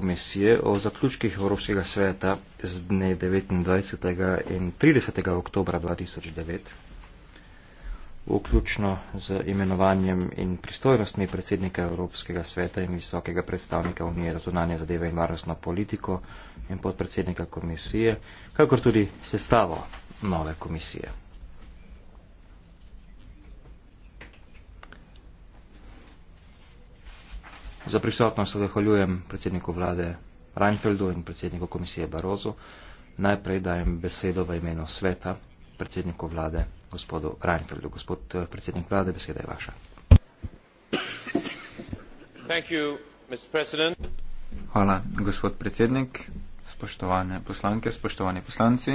komisije o zaključkih Evropskega sveta z dne 29. in 30. oktobra 2009, vključno z imenovanjem in pristojnostmi predsednika Evropskega sveta in visokega predstavnika Unije za zunanje zadeve in varnostno politiko in podpredsednika komisije, kakor tudi sestavo nove komisije. Za prisotnost zahvaljujem predsedniku vlade Reinfeldu in predsedniku komisije Barozu. Najprej dajem besedo v imenu sveta predsedniku vlade gospodu Reinfeldu. Gospod eh, predsednik vlade, beseda je vaša. Thank you, Mr. Hvala, gospod predsednik, spoštovane poslanke, spoštovani poslanci.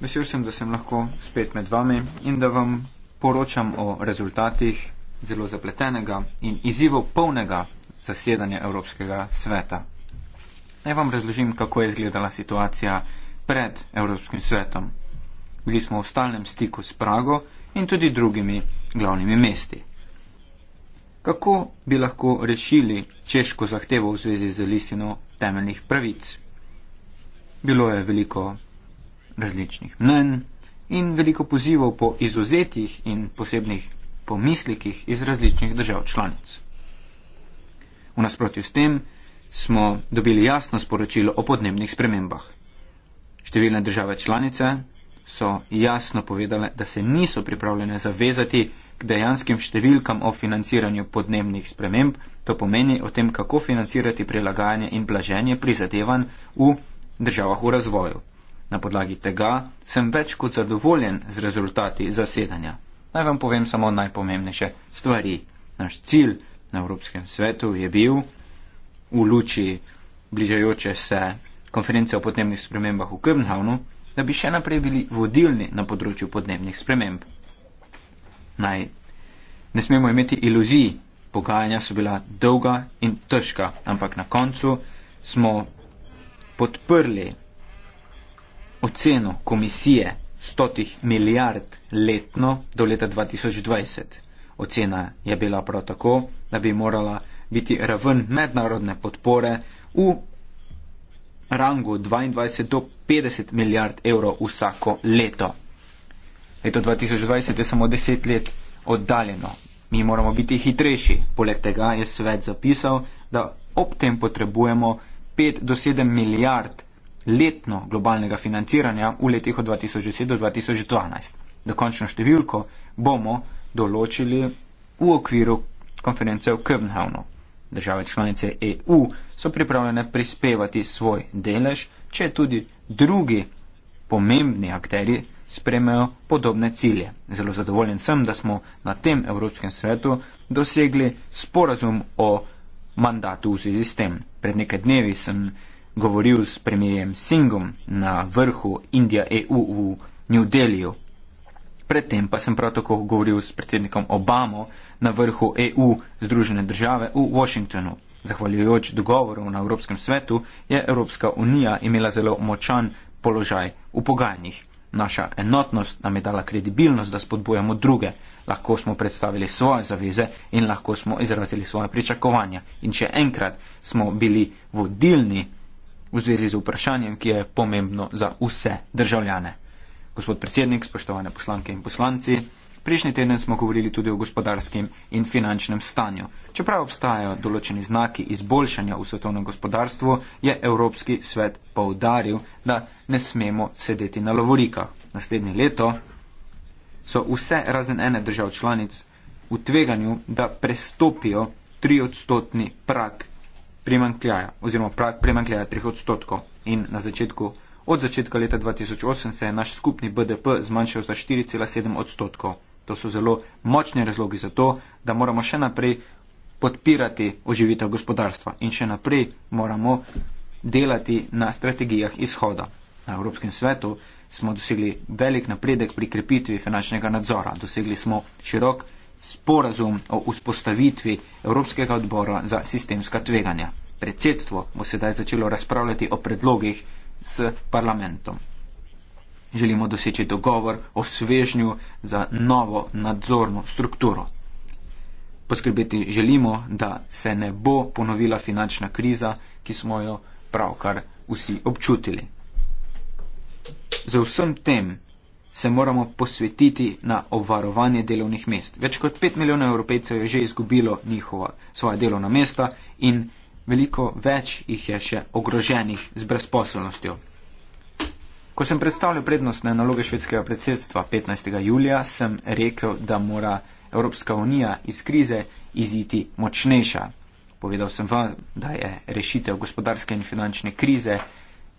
Vesel sem, da sem lahko spet med vami in da vam poročam o rezultatih zelo zapletenega in izzivov polnega zasedanja Evropskega sveta. Naj vam razložim, kako je izgledala situacija pred Evropskim svetom. Bili smo v stalnem stiku s Prago in tudi drugimi glavnimi mesti. Kako bi lahko rešili češko zahtevo v zvezi z listino temeljnih pravic? Bilo je veliko različnih mnen in veliko pozivov po izuzetih in posebnih pomislikih iz različnih držav članic. V nasprotju s tem smo dobili jasno sporočilo o podnebnih spremembah. Številne države članice so jasno povedale, da se niso pripravljene zavezati k dejanskim številkam o financiranju podnebnih sprememb, to pomeni o tem, kako financirati prilagajanje in blaženje prizadevanj v državah v razvoju. Na podlagi tega sem več kot zadovoljen z rezultati zasedanja. Naj vam povem samo najpomembnejše stvari. Naš cilj na Evropskem svetu je bil v luči bližajoče se konference o podnebnih spremembah v Kbnhavnu, da bi še naprej bili vodilni na področju podnebnih sprememb. Naj ne smemo imeti iluzij, pogajanja so bila dolga in težka, ampak na koncu smo podprli oceno komisije stotih milijard letno do leta 2020. Ocena je bila prav tako, da bi morala biti raven mednarodne podpore v rangu 22 do 50 milijard evrov vsako leto. Leto 2020 je samo 10 let oddaljeno. Mi moramo biti hitrejši. Poleg tega je svet zapisal, da ob tem potrebujemo 5 do 7 milijard evrov letno globalnega financiranja v letih od 2010 do 2012. Dokončno številko bomo določili v okviru konference v Köpenhavnu. Države članice EU so pripravljene prispevati svoj delež, če tudi drugi pomembni akteri spremejo podobne cilje. Zelo zadovoljen sem, da smo na tem Evropskem svetu dosegli sporazum o mandatu v zvezi s tem. Pred nekaj dnevi sem govoril s premijerjem Singom na vrhu Indija-EU v New Delhiju. Predtem pa sem prav tako govoril s predsednikom Obamo na vrhu EU Združene države v Washingtonu. Zahvaljujoč dogovorom na Evropskem svetu je Evropska unija imela zelo močan položaj v pogajanjih. Naša enotnost nam je dala kredibilnost, da spodbujamo druge. Lahko smo predstavili svoje zaveze in lahko smo izrazili svoje pričakovanja. In še enkrat smo bili vodilni v zvezi z vprašanjem, ki je pomembno za vse državljane. Gospod predsednik, spoštovane poslanke in poslanci, prejšnji teden smo govorili tudi o gospodarskem in finančnem stanju. Čeprav obstajajo določeni znaki izboljšanja v svetovnem gospodarstvu, je Evropski svet poudaril, da ne smemo sedeti na lovorikah. Naslednje leto so vse razen ene držav članic v tveganju, da prestopijo triodstotni prak primankljaja oziroma primankljaja 3 odstotkov. In na začetku, od začetka leta 2008 se je naš skupni BDP zmanjšal za 4,7 odstotkov. To so zelo močni razlogi za to, da moramo še naprej podpirati oživitev gospodarstva in še naprej moramo delati na strategijah izhoda. Na Evropskem svetu smo dosegli velik napredek pri krepitvi finančnega nadzora. Dosegli smo širok sporazum o vzpostavitvi Evropskega odbora za sistemska tveganja. Predsedstvo bo sedaj začelo razpravljati o predlogih s parlamentom. Želimo doseči dogovor o svežnju za novo nadzorno strukturo. Poskrbeti želimo, da se ne bo ponovila finančna kriza, ki smo jo pravkar vsi občutili. Za vsem tem se moramo posvetiti na obvarovanje delovnih mest. Več kot 5 milijonov evropejcev je že izgubilo njihova, svoje delovna mesta in veliko več jih je še ogroženih z brezposobnostjo. Ko sem predstavljal prednostne naloge švedskega predsedstva 15. julija, sem rekel, da mora Evropska unija iz krize iziti močnejša. Povedal sem vam, da je rešitev gospodarske in finančne krize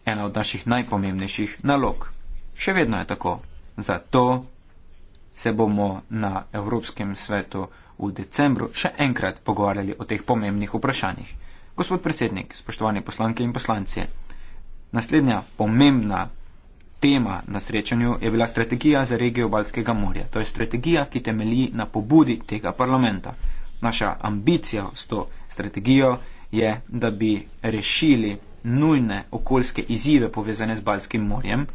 ena od naših najpomembnejših nalog. Še vedno je tako. Zato se bomo na Evropskem svetu v decembru še enkrat pogovarjali o teh pomembnih vprašanjih. Gospod predsednik, spoštovane poslanke in poslanci, naslednja pomembna tema na srečanju je bila strategija za regijo Balskega morja. To je strategija, ki temelji na pobudi tega parlamenta. Naša ambicija s to strategijo je, da bi rešili nujne okoljske izzive povezane z Balskim morjem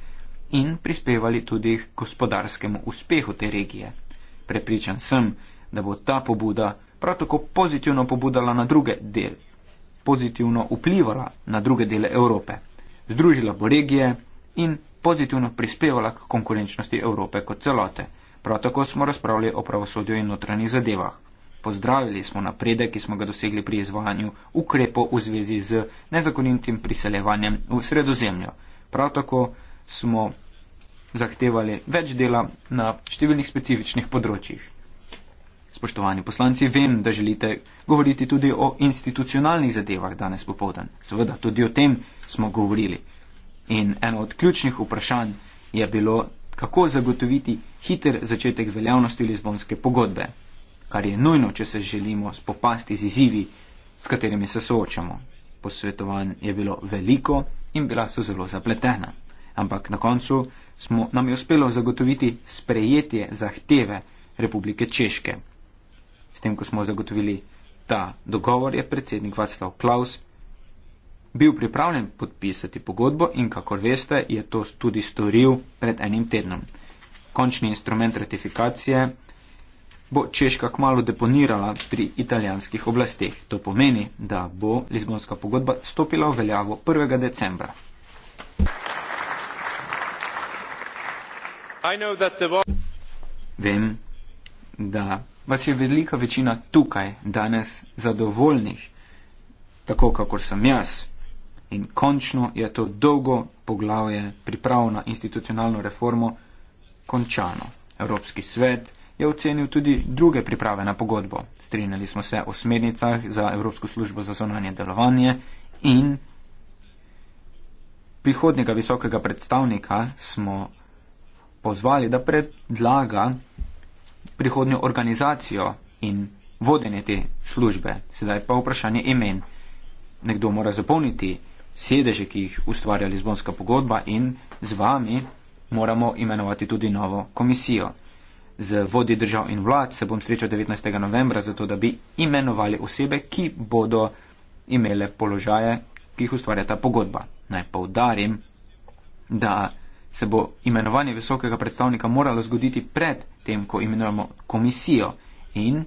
in prispevali tudi k gospodarskemu uspehu te regije. Prepričan sem, da bo ta pobuda prav tako pozitivno pobudala na druge dele, pozitivno vplivala na druge dele Evrope, združila bo regije in pozitivno prispevala k konkurenčnosti Evrope kot celote. Prav tako smo razpravljali o pravosodju in notranjih zadevah. Pozdravili smo napredek, ki smo ga dosegli pri izvajanju ukrepov v zvezi z nezakonitim priseljevanjem v sredozemljo. Prav tako smo zahtevali več dela na številnih specifičnih področjih. Spoštovani poslanci, vem, da želite govoriti tudi o institucionalnih zadevah danes popovdan. Seveda, tudi o tem smo govorili. In eno od ključnih vprašanj je bilo, kako zagotoviti hiter začetek veljavnosti Lizbonske pogodbe, kar je nujno, če se želimo spopasti z izzivi, s katerimi se soočamo. Posvetovanj je bilo veliko in bila so zelo zapletena ampak na koncu smo, nam je uspelo zagotoviti sprejetje zahteve Republike Češke. S tem, ko smo zagotovili ta dogovor, je predsednik Václav Klaus bil pripravljen podpisati pogodbo in, kakor veste, je to tudi storil pred enim tednom. Končni instrument ratifikacije bo Češka kmalo deponirala pri italijanskih oblasteh. To pomeni, da bo Lizbonska pogodba stopila v veljavo 1. decembra. Vem, da vas je velika večina tukaj danes zadovoljnih, tako kakor sem jaz. In končno je to dolgo poglavje priprav na institucionalno reformo končano. Evropski svet je ocenil tudi druge priprave na pogodbo. Strinjali smo se o smernicah za Evropsko službo za zonanje delovanje in prihodnega visokega predstavnika smo pozvali, da predlaga prihodnjo organizacijo in vodenje te službe. Sedaj pa vprašanje imen. Nekdo mora zapolniti sedeže, ki jih ustvarja Lizbonska pogodba in z vami moramo imenovati tudi novo komisijo. Z vodi držav in vlad se bom srečal 19. novembra, zato da bi imenovali osebe, ki bodo imele položaje, ki jih ustvarja ta pogodba. Naj poudarim, da se bo imenovanje visokega predstavnika moralo zgoditi pred tem, ko imenujemo komisijo in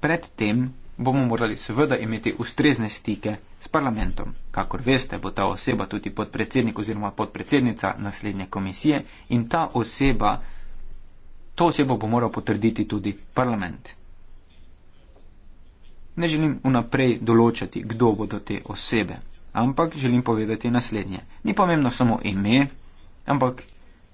pred tem bomo morali seveda imeti ustrezne stike s parlamentom. Kakor veste, bo ta oseba tudi podpredsednik oziroma podpredsednica naslednje komisije in ta oseba, to osebo bo moral potrditi tudi parlament. Ne želim vnaprej določati, kdo bodo te osebe, ampak želim povedati naslednje. Ni pomembno samo ime, ampak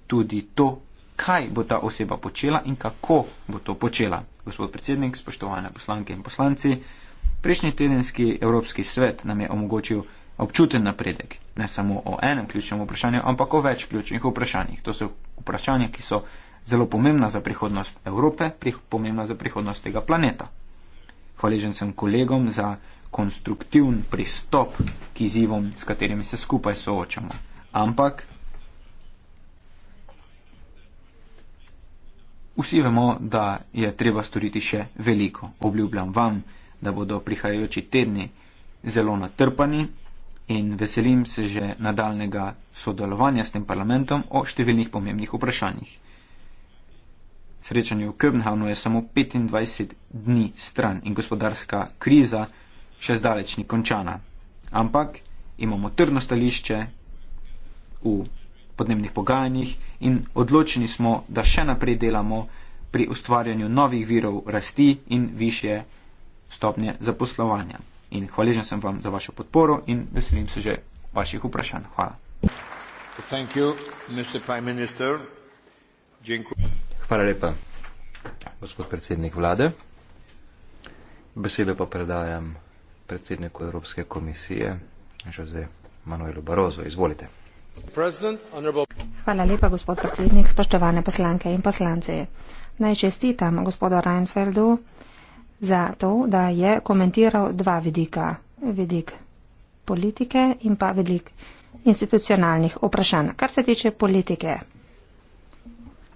tudi to, kaj bo ta oseba počela in kako bo to počela. Gospod predsednik, spoštovane poslanke in poslanci, prejšnji tedenski Evropski svet nam je omogočil občuten napredek, ne samo o enem ključnem vprašanju, ampak o več ključnih vprašanjih. To so vprašanja, ki so zelo pomembna za prihodnost Evrope, pomembna za prihodnost tega planeta. Hvaležen sem kolegom za konstruktivn pristop k izzivom, s katerimi se skupaj soočamo. Ampak Vsi vemo, da je treba storiti še veliko. Obljubljam vam, da bodo prihajajoči tedni zelo natrpani in veselim se že nadaljnega sodelovanja s tem parlamentom o številnih pomembnih vprašanjih. Srečanje v Köbenhavnu je samo 25 dni stran in gospodarska kriza še zdaleč ni končana. Ampak imamo trdno stališče v podnebnih pogajanjih in odločeni smo, da še naprej delamo pri ustvarjanju novih virov rasti in više stopnje zaposlovanja. In hvaležen sem vam za vašo podporo in veselim se že vaših vprašanj. Hvala. Thank you, Mr. Prime Minister. Hvala lepa, gospod predsednik vlade. Besedo pa predajam predsedniku Evropske komisije, Jose Manuelu Barozo. Izvolite. Hvala lepa, gospod predsednik, spoštovane poslanke in poslanci. Naj čestitam gospodu Reinfeldu za to, da je komentiral dva vidika. Vidik politike in pa vidik institucionalnih vprašanj. Kar se tiče politike,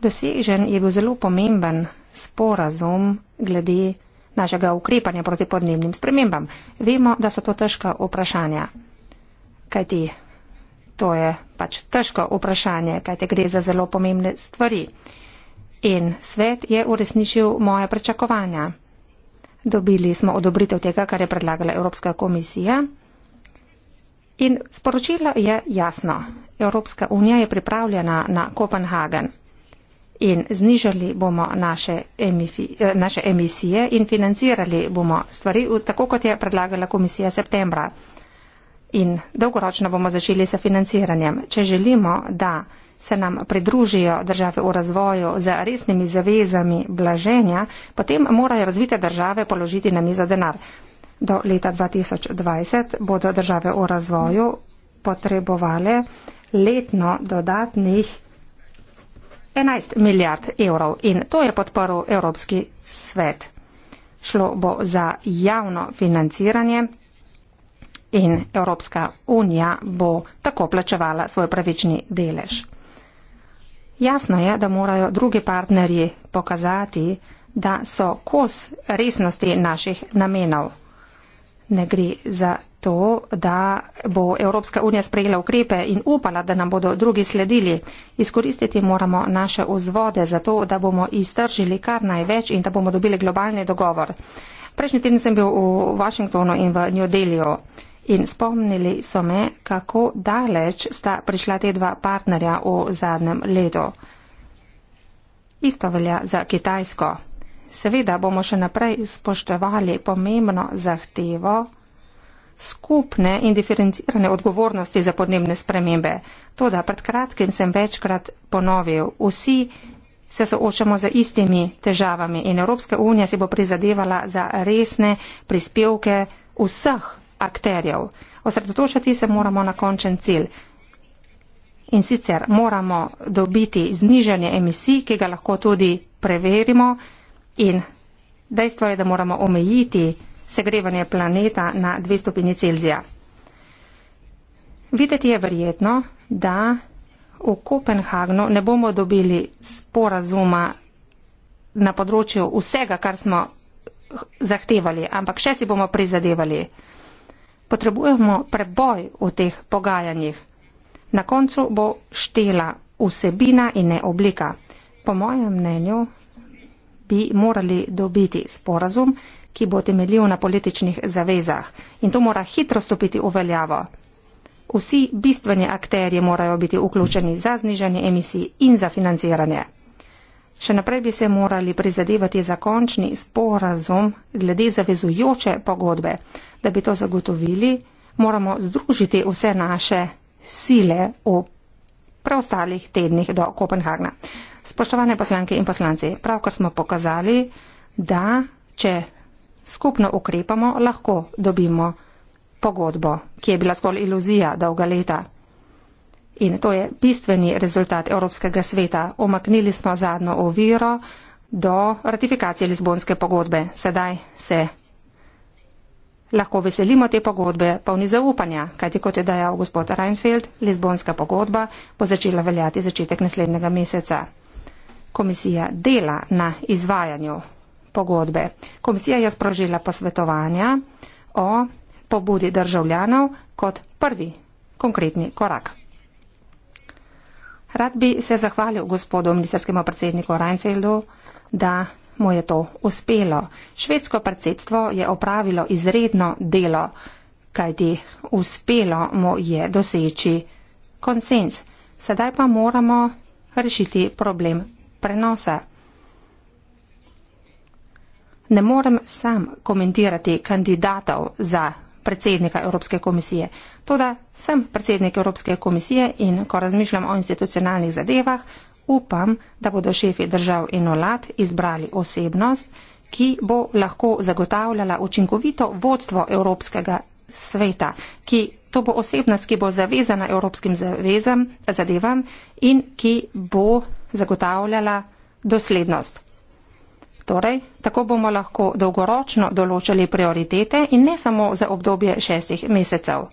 dosežen je bil zelo pomemben sporazum glede našega ukrepanja proti podnebnim spremembam. Vemo, da so to težka vprašanja. Kaj ti? To je pač težko vprašanje, kajte gre za zelo pomembne stvari. In svet je uresničil moje prečakovanja. Dobili smo odobritev tega, kar je predlagala Evropska komisija. In sporočilo je jasno. Evropska unija je pripravljena na Kopenhagen in znižali bomo naše, emifi, eh, naše emisije in financirali bomo stvari tako, kot je predlagala komisija septembra in dolgoročno bomo začeli s financiranjem. Če želimo, da se nam pridružijo države v razvoju z resnimi zavezami blaženja, potem morajo razvite države položiti na mizo denar. Do leta 2020 bodo države v razvoju potrebovale letno dodatnih 11 milijard evrov in to je podporil Evropski svet. Šlo bo za javno financiranje, in Evropska unija bo tako plačevala svoj pravični delež. Jasno je, da morajo drugi partnerji pokazati, da so kos resnosti naših namenov. Ne gre za to, da bo Evropska unija sprejela ukrepe in upala, da nam bodo drugi sledili. Izkoristiti moramo naše vzvode za to, da bomo iztržili kar največ in da bomo dobili globalni dogovor. Prejšnji teden sem bil v Washingtonu in v New Delhiu in spomnili so me, kako daleč sta prišla te dva partnerja v zadnjem letu. Isto velja za Kitajsko. Seveda bomo še naprej spoštovali pomembno zahtevo skupne in diferencirane odgovornosti za podnebne spremembe. Toda pred kratkim sem večkrat ponovil, vsi se soočamo z istimi težavami in Evropska unija si bo prizadevala za resne prispevke vseh akterjev. Osredotočati se moramo na končen cilj. In sicer moramo dobiti znižanje emisij, ki ga lahko tudi preverimo. In dejstvo je, da moramo omejiti segrevanje planeta na 2 stopinji Celzija. Videti je verjetno, da v Kopenhagnu ne bomo dobili sporazuma na področju vsega, kar smo zahtevali, ampak še si bomo prizadevali potrebujemo preboj v teh pogajanjih. Na koncu bo štela vsebina in ne oblika. Po mojem mnenju bi morali dobiti sporazum, ki bo temeljil na političnih zavezah in to mora hitro stopiti v veljavo. Vsi bistveni akterji morajo biti vključeni za znižanje emisij in za financiranje. Še naprej bi se morali prizadevati za končni sporazum glede zavezujoče pogodbe. Da bi to zagotovili, moramo združiti vse naše sile v preostalih tednih do Kopenhagna. Spoštovane poslanke in poslanci, pravkar smo pokazali, da če skupno ukrepamo, lahko dobimo pogodbo, ki je bila zgolj iluzija dolga leta. In to je bistveni rezultat Evropskega sveta. Omaknili smo zadnjo oviro do ratifikacije Lizbonske pogodbe. Sedaj se lahko veselimo te pogodbe, polni zaupanja, kajti kot je dejal gospod Reinfeld, Lizbonska pogodba bo začela veljati začetek naslednjega meseca. Komisija dela na izvajanju pogodbe. Komisija je sprožila posvetovanja o pobudi državljanov kot prvi konkretni korak. Rad bi se zahvalil gospodu ministerskemu predsedniku Reinfeldu, da mu je to uspelo. Švedsko predsedstvo je opravilo izredno delo, kajti uspelo mu je doseči konsens. Sedaj pa moramo rešiti problem prenosa. Ne morem sam komentirati kandidatov za predsednika Evropske komisije. Toda sem predsednik Evropske komisije in ko razmišljam o institucionalnih zadevah, upam, da bodo šefi držav in olad izbrali osebnost, ki bo lahko zagotavljala učinkovito vodstvo Evropskega sveta, ki to bo osebnost, ki bo zavezana evropskim zavezam, zadevam in ki bo zagotavljala doslednost. Torej, tako bomo lahko dolgoročno določali prioritete in ne samo za obdobje šestih mesecev.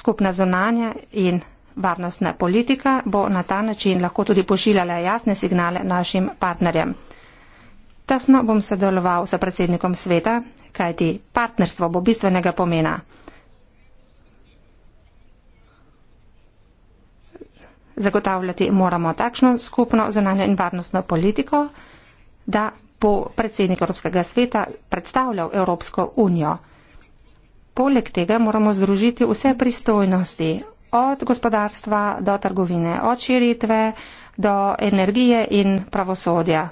Skupna zunanja in varnostna politika bo na ta način lahko tudi pošiljala jasne signale našim partnerjem. Tesno bom sodeloval s predsednikom sveta, kajti partnerstvo bo bistvenega pomena. Zagotavljati moramo takšno skupno zunanjo in varnostno politiko, da bo predsednik Evropskega sveta predstavljal Evropsko unijo. Poleg tega moramo združiti vse pristojnosti, od gospodarstva do trgovine, od širitve do energije in pravosodja.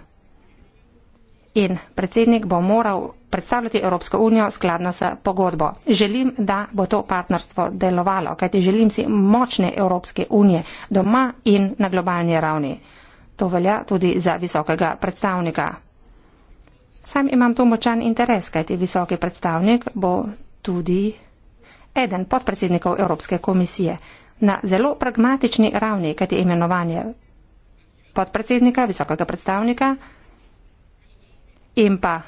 In predsednik bo moral predstavljati Evropsko unijo skladno s pogodbo. Želim, da bo to partnerstvo delovalo, kajti želim si močne Evropske unije doma in na globalni ravni. To velja tudi za visokega predstavnika. Sam imam tu močan interes, kajti visoki predstavnik bo tudi eden podpredsednikov Evropske komisije. Na zelo pragmatični ravni, kajti imenovanje podpredsednika, visokega predstavnika in pa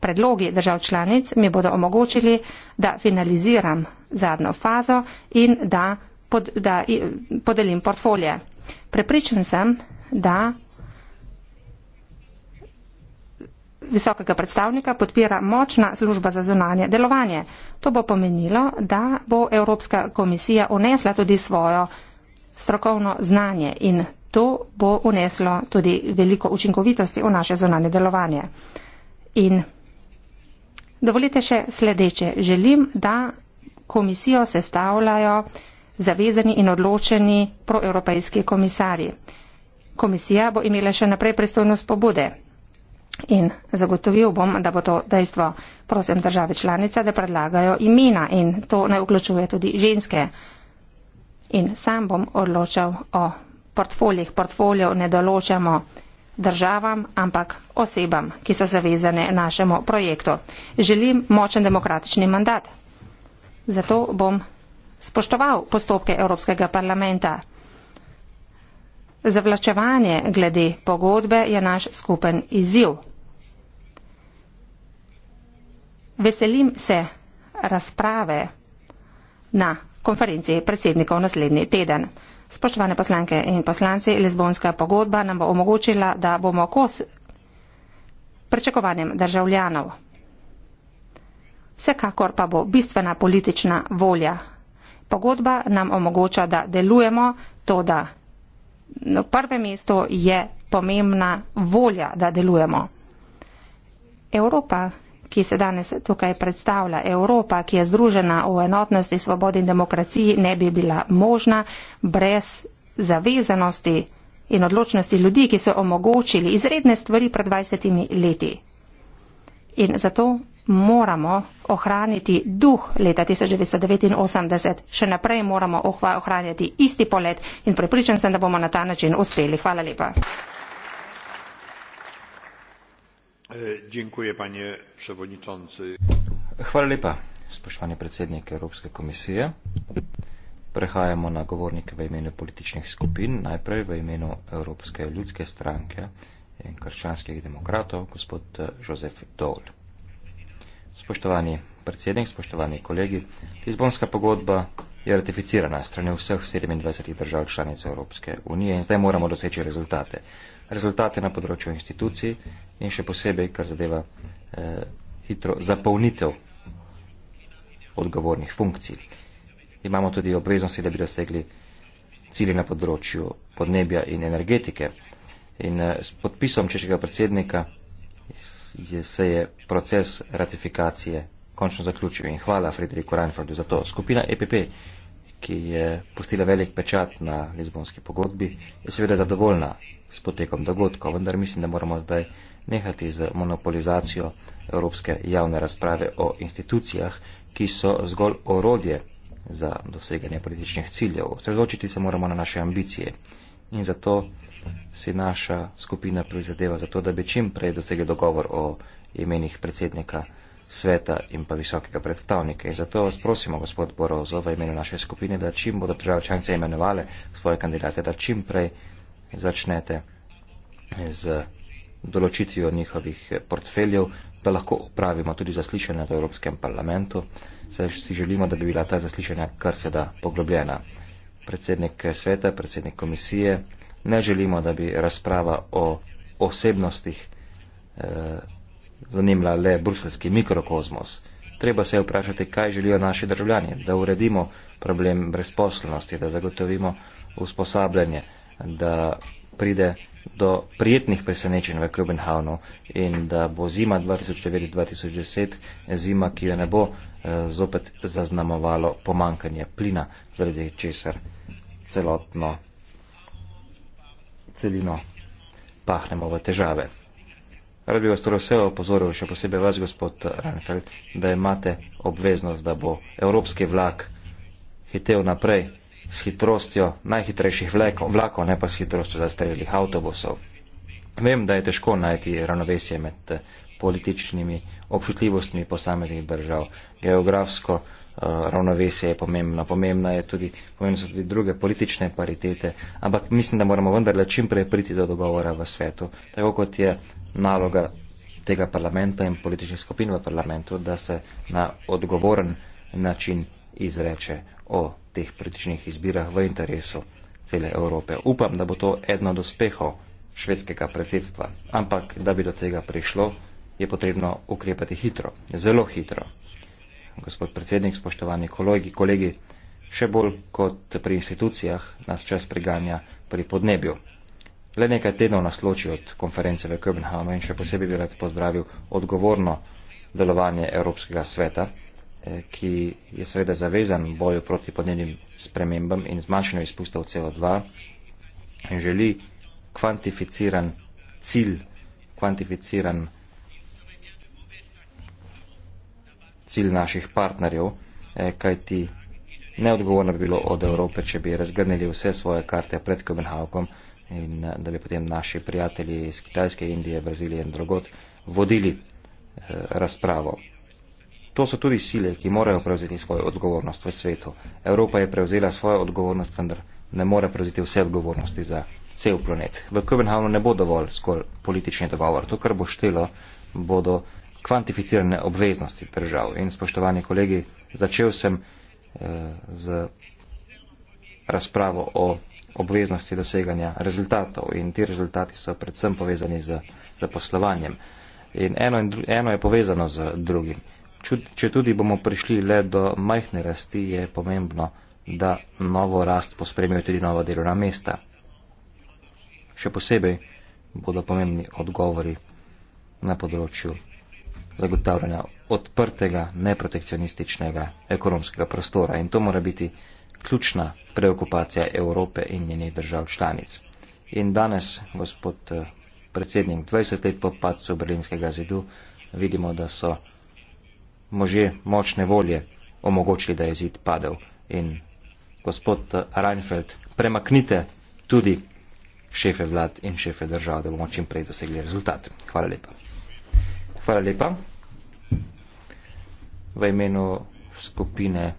predlogi držav članic mi bodo omogočili, da finaliziram zadnjo fazo in da, pod, da podelim portfolje. Prepričan sem, da visokega predstavnika podpira močna služba za zunanje delovanje. To bo pomenilo, da bo Evropska komisija unesla tudi svojo strokovno znanje in to bo uneslo tudi veliko učinkovitosti v naše zunanje delovanje. In Dovolite še sledeče. Želim, da komisijo sestavljajo zavezani in odločeni proevropejski komisarji. Komisija bo imela še naprej pristojnost pobude in zagotovil bom, da bo to dejstvo. Prosim države članice, da predlagajo imena in to naj vključuje tudi ženske. In sam bom odločal o portfoljih. Portfoljev ne določamo državam, ampak osebam, ki so zavezane našemu projektu. Želim močen demokratični mandat. Zato bom spoštoval postopke Evropskega parlamenta. Zavlačevanje glede pogodbe je naš skupen izziv. Veselim se razprave na konferenciji predsednikov naslednji teden. Spoštovane poslanke in poslanci, Lizbonska pogodba nam bo omogočila, da bomo kos prečakovanjem državljanov. Vsekakor pa bo bistvena politična volja. Pogodba nam omogoča, da delujemo, to da na prvem mestu je pomembna volja, da delujemo. Evropa ki se danes tukaj predstavlja Evropa, ki je združena v enotnosti, svobodi in demokraciji, ne bi bila možna brez zavezanosti in odločnosti ljudi, ki so omogočili izredne stvari pred 20 leti. In zato moramo ohraniti duh leta 1989, še naprej moramo ohranjati isti polet in prepričan sem, da bomo na ta način uspeli. Hvala lepa. Hvala lepa, spoštovani predsednik Evropske komisije. Prehajamo na govornike v imenu političnih skupin, najprej v imenu Evropske ljudske stranke in krščanskih demokratov, gospod eh, Jozef Dol. Spoštovani predsednik, spoštovani kolegi, Lizbonska pogodba je ratificirana strani vseh 27 držav članic Evropske unije in zdaj moramo doseči rezultate. Rezultate na področju institucij, in še posebej, kar zadeva eh, hitro zapolnitev odgovornih funkcij. Imamo tudi obveznosti, da bi dosegli cilje na področju podnebja in energetike. In eh, s podpisom češkega predsednika je, se je proces ratifikacije končno zaključil. In hvala Friedrichu Reinfeldu za to. Skupina EPP, ki je postila velik pečat na Lizbonski pogodbi, je seveda zadovoljna s potekom dogodkov, vendar mislim, da moramo zdaj nehati z monopolizacijo evropske javne razprave o institucijah, ki so zgolj orodje za doseganje političnih ciljev. Sredočiti se moramo na naše ambicije in zato si naša skupina prizadeva za to, da bi čim prej dosegel dogovor o imenih predsednika sveta in pa visokega predstavnika. In zato vas prosimo, gospod Borozo, v imenu naše skupine, da čim bodo države članice imenovale svoje kandidate, da čim prej začnete z določitvijo njihovih eh, portfeljev, da lahko upravimo tudi zaslišanja v Evropskem parlamentu, saj si želimo, da bi bila ta zaslišanja kar se da poglobljena. Predsednik eh, sveta, predsednik komisije, ne želimo, da bi razprava o osebnostih eh, zanimala le bruselski mikrokozmos. Treba se vprašati, kaj želijo naši državljani, da uredimo problem brezposlenosti, da zagotovimo usposabljanje, da pride do prijetnih presenečenj v Kopenhavnu in da bo zima 2009-2010 zima, ki jo ne bo eh, zopet zaznamovalo pomankanje plina, zaradi česar celotno celino pahnemo v težave. Rad bi vas torej vse opozoril, še posebej vas, gospod Reinfeldt, da imate obveznost, da bo evropski vlak hitel naprej s hitrostjo najhitrejših vlekov, vlakov, ne pa s hitrostjo zastarelih avtobusov. Vem, da je težko najti ravnovesje med eh, političnimi občutljivostmi posameznih držav. Geografsko uh, ravnovesje je pomembno, pomembno je tudi, pomembno so tudi druge politične paritete, ampak mislim, da moramo vendarle čim prej priti do dogovora v svetu, tako kot je naloga tega parlamenta in političnih skupin v parlamentu, da se na odgovoren način izreče o teh političnih izbirah v interesu cele Evrope. Upam, da bo to edno od uspehov švedskega predsedstva, ampak da bi do tega prišlo, je potrebno ukrepati hitro, zelo hitro. Gospod predsednik, spoštovani kolegi, kolegi, še bolj kot pri institucijah nas čas priganja pri podnebju. Le nekaj tednov nas loči od konference v Kopenhagnu in še posebej bi rad pozdravil odgovorno delovanje Evropskega sveta. Eh, ki je seveda zavezan boju proti podnebnim spremembam in zmanjšanju izpustov CO2 in želi kvantificiran cilj, kvantificiran cilj naših partnerjev, eh, kajti neodgovorno bi bilo od Evrope, če bi razgrnili vse svoje karte pred Kobenhavkom in eh, da bi potem naši prijatelji iz Kitajske, Indije, Brazilije in drugot vodili razpravo. To so tudi sile, ki morajo prevzeti svojo odgovornost v svetu. Evropa je prevzela svojo odgovornost, vendar ne more prevzeti vse odgovornosti za cel planet. V Kopenhavnu ne bo dovolj zgolj politični dogovor. To, kar bo štelo, bodo kvantificirane obveznosti držav. In spoštovani kolegi, začel sem eh, z razpravo o obveznosti doseganja rezultatov in ti rezultati so predvsem povezani z zaposlovanjem. In eno, in eno je povezano z drugim če tudi bomo prišli le do majhne rasti, je pomembno, da novo rast pospremijo tudi nova delovna mesta. Še posebej bodo pomembni odgovori na področju zagotavljanja odprtega, neprotekcionističnega ekonomskega prostora in to mora biti ključna preokupacija Evrope in njenih držav članic. In danes, gospod eh, predsednik, 20 let po padcu Berlinskega zidu, vidimo, da so može močne volje omogočili, da je zid padel. In gospod Reinfeldt, premaknite tudi šefe vlad in šefe držav, da bomo čim prej dosegli rezultat. Hvala lepa. Hvala lepa. V imenu skupine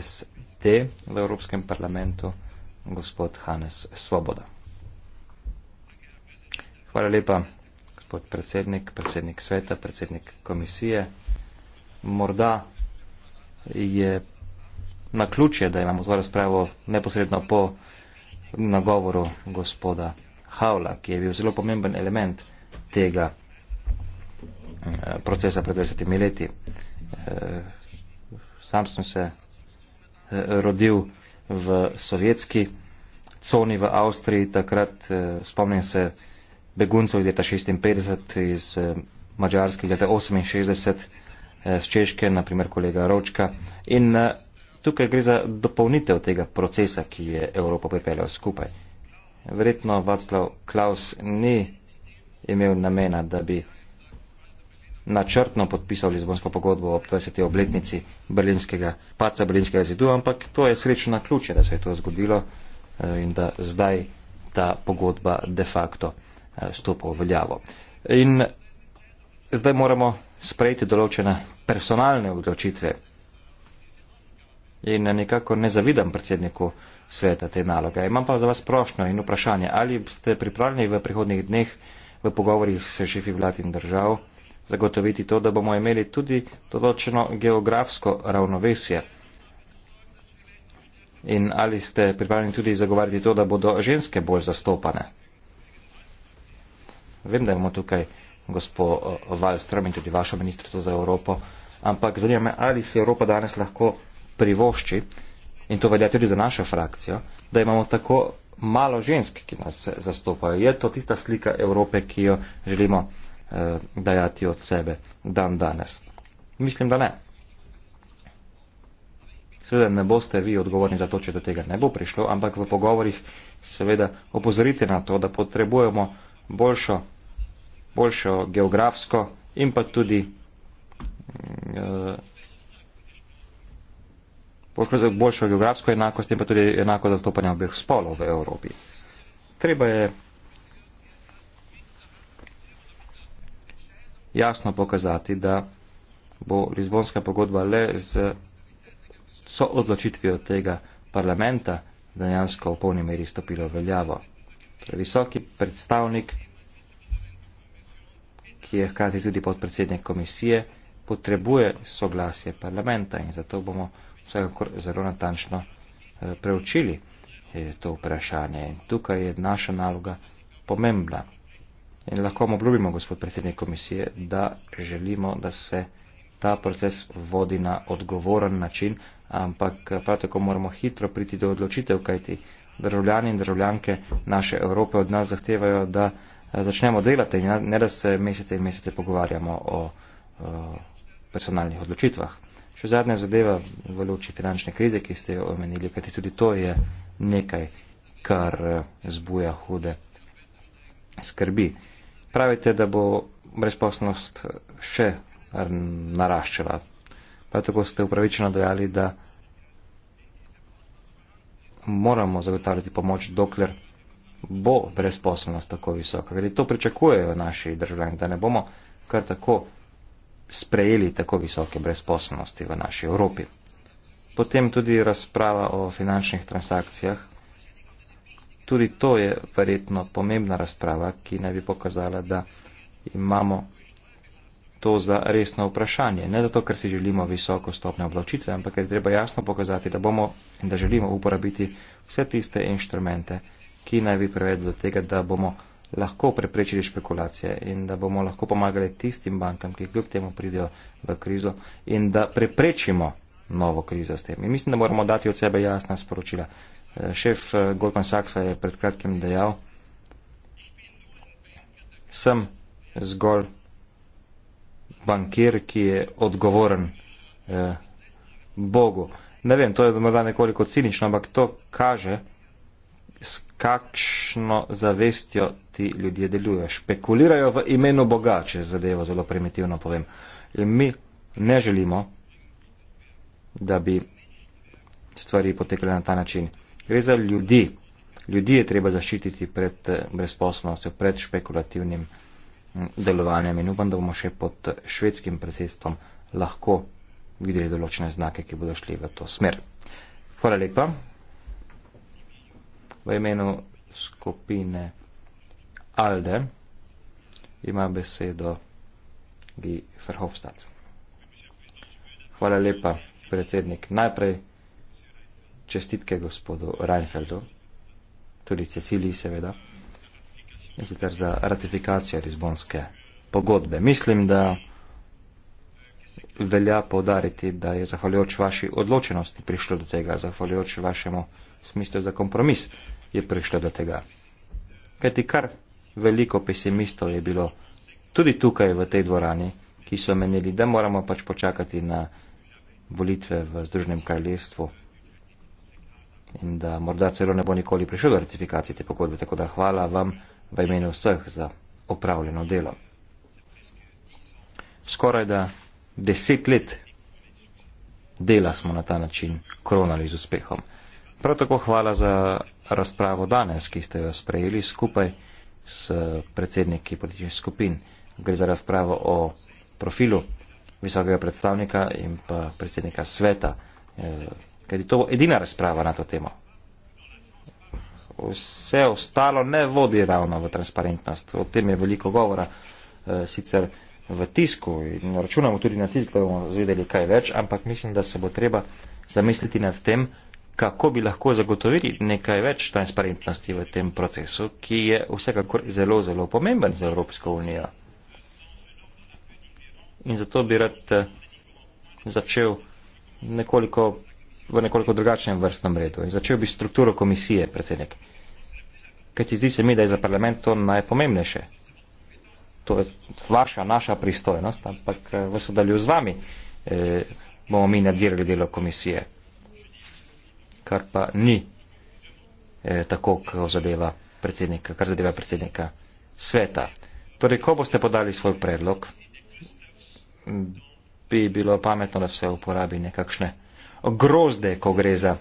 SD v Evropskem parlamentu gospod Hanes Svoboda. Hvala lepa gospod predsednik, predsednik sveta, predsednik komisije. Morda je na ključje, da imamo to razpravo neposredno po nagovoru gospoda Havla, ki je bil zelo pomemben element tega eh, procesa pred 20 leti. Eh, sam sem se eh, rodil v sovjetski coni v Avstriji, takrat spomnim se, beguncev iz leta 56, iz eh, Mačarske leta 68, z eh, Češke, naprimer kolega Ročka. In eh, tukaj gre za dopolnitev tega procesa, ki je Evropo pripeljal skupaj. Verjetno Vaclav Klaus ni imel namena, da bi načrtno podpisal Lizbonsko pogodbo ob 20. obletnici Berlinskega, paca Berlinskega zidu, ampak to je srečno ključe, da se je to zgodilo in da zdaj ta pogodba de facto. Eh, stopil v veljavo. In zdaj moramo sprejeti določene personalne odločitve. In nekako ne zavidam predsedniku sveta te naloge. Imam pa za vas prošno in vprašanje, ali ste pripravljeni v prihodnih dneh v pogovorih s šefi vlad in držav zagotoviti to, da bomo imeli tudi določeno geografsko ravnovesje. In ali ste pripravljeni tudi zagovarjati to, da bodo ženske bolj zastopane? Vem, da imamo tukaj gospod Valstrom eh, in tudi vašo ministrico za Evropo, ampak zanima me, ali se Evropa danes lahko privošči, in to velja tudi za našo frakcijo, da imamo tako malo žensk, ki nas zastopajo. Je to tista slika Evrope, ki jo želimo eh, dajati od sebe dan danes? Mislim, da ne. Seveda ne boste vi odgovorni za to, če do tega ne bo prišlo, ampak v pogovorjih seveda opozorite na to, da potrebujemo boljšo, boljšo geografsko in pa tudi mm, eh, boljšo geografsko enakost in pa tudi enako zastopanje obeh spolov v Evropi. Treba je jasno pokazati, da bo Lizbonska pogodba le z so odločitvijo tega parlamenta dejansko v polni meri stopilo veljavo. Torej, visoki predstavnik, ki je hkrati tudi podpredsednik komisije, potrebuje soglasje parlamenta in zato bomo vsekakor zelo natančno eh, preučili eh, to vprašanje. In tukaj je naša naloga pomembna. In lahko vam obljubimo, gospod predsednik komisije, da želimo, da se ta proces vodi na odgovoren način, ampak eh, prav tako moramo hitro priti do odločitev, kajti državljani in državljanke naše Evrope od nas zahtevajo, da eh, začnemo delati in ne da se mesece in mesece pogovarjamo o, o personalnih odločitvah. Še zadnja zadeva v luči finančne krize, ki ste jo omenili, kajti tudi to je nekaj, kar eh, zbuja hude skrbi. Pravite, da bo brezposnost še eh, naraščala. Pa tako ste upravičeno dojali, da moramo zagotavljati pomoč, dokler bo brezposobnost tako visoka. Ker to pričakujejo naši državljani, da ne bomo kar tako sprejeli tako visoke brezposobnosti v naši Evropi. Potem tudi razprava o finančnih transakcijah. Tudi to je verjetno pomembna razprava, ki naj bi pokazala, da imamo to za resno vprašanje. Ne zato, ker si želimo visoko stopnjo obločitve, ampak ker je treba jasno pokazati, da bomo in da želimo uporabiti vse tiste inštrumente, ki naj bi prevedli do tega, da bomo lahko preprečili špekulacije in da bomo lahko pomagali tistim bankam, ki kljub temu pridejo v krizo in da preprečimo novo krizo s tem. In mislim, da moramo dati od sebe jasna sporočila. Eh, šef eh, Goldman Sachsa je pred kratkim dejal, sem zgolj bankir, ki je odgovoren eh, Bogu. Ne vem, to je morda nekoliko cinično, ampak to kaže, s kakšno zavestjo ti ljudje delujejo. Špekulirajo v imenu Boga, če zadevo zelo primitivno povem. In mi ne želimo, da bi stvari potekle na ta način. Gre za ljudi. Ljudje je treba zaščititi pred eh, brezposobnostjo, pred špekulativnim delovanjem in upam, da bomo še pod švedskim predsedstvom lahko videli določene znake, ki bodo šli v to smer. Hvala lepa. V imenu skupine ALDE ima besedo Gij Verhofstadt. Hvala lepa, predsednik. Najprej čestitke gospodu Reinfeldu, tudi Cecilii seveda in sicer za ratifikacijo Lizbonske pogodbe. Mislim, da velja povdariti, da je zahvaljujoč vaši odločenosti prišlo do tega, zahvaljujoč vašemu smislu za kompromis je prišlo do tega. Kajti kar veliko pesimistov je bilo tudi tukaj v tej dvorani, ki so menili, da moramo pač počakati na volitve v Združenem kraljestvu in da morda celo ne bo nikoli prišlo do ratifikacije te pogodbe. Tako da hvala vam v imenu vseh za opravljeno delo. Skoraj da deset let dela smo na ta način kronali z uspehom. Prav tako hvala za razpravo danes, ki ste jo sprejeli skupaj s predsedniki političnih skupin. Gre za razpravo o profilu visokega predstavnika in pa predsednika sveta, eh, kajti to bo edina razprava na to temo vse ostalo ne vodi ravno v transparentnost. O tem je veliko govora eh, sicer v tisku in računamo tudi na tisk, da bomo zvedeli kaj več, ampak mislim, da se bo treba zamisliti nad tem, kako bi lahko zagotovili nekaj več transparentnosti v tem procesu, ki je vsekakor zelo, zelo pomemben za Evropsko unijo. In zato bi rad eh, začel nekoliko v nekoliko drugačnem vrstnem redu. In začel bi s strukturo komisije, predsednik. Kaj ti zdi se mi, da je za parlament to najpomembnejše? To je vaša, naša pristojnost, ampak eh, v sodelju z vami eh, bomo mi nadzirali delo komisije, kar pa ni eh, tako, kot zadeva predsednika, kar zadeva predsednika sveta. Torej, ko boste podali svoj predlog, bi bilo pametno, da se uporabi nekakšne grozde, ko gre za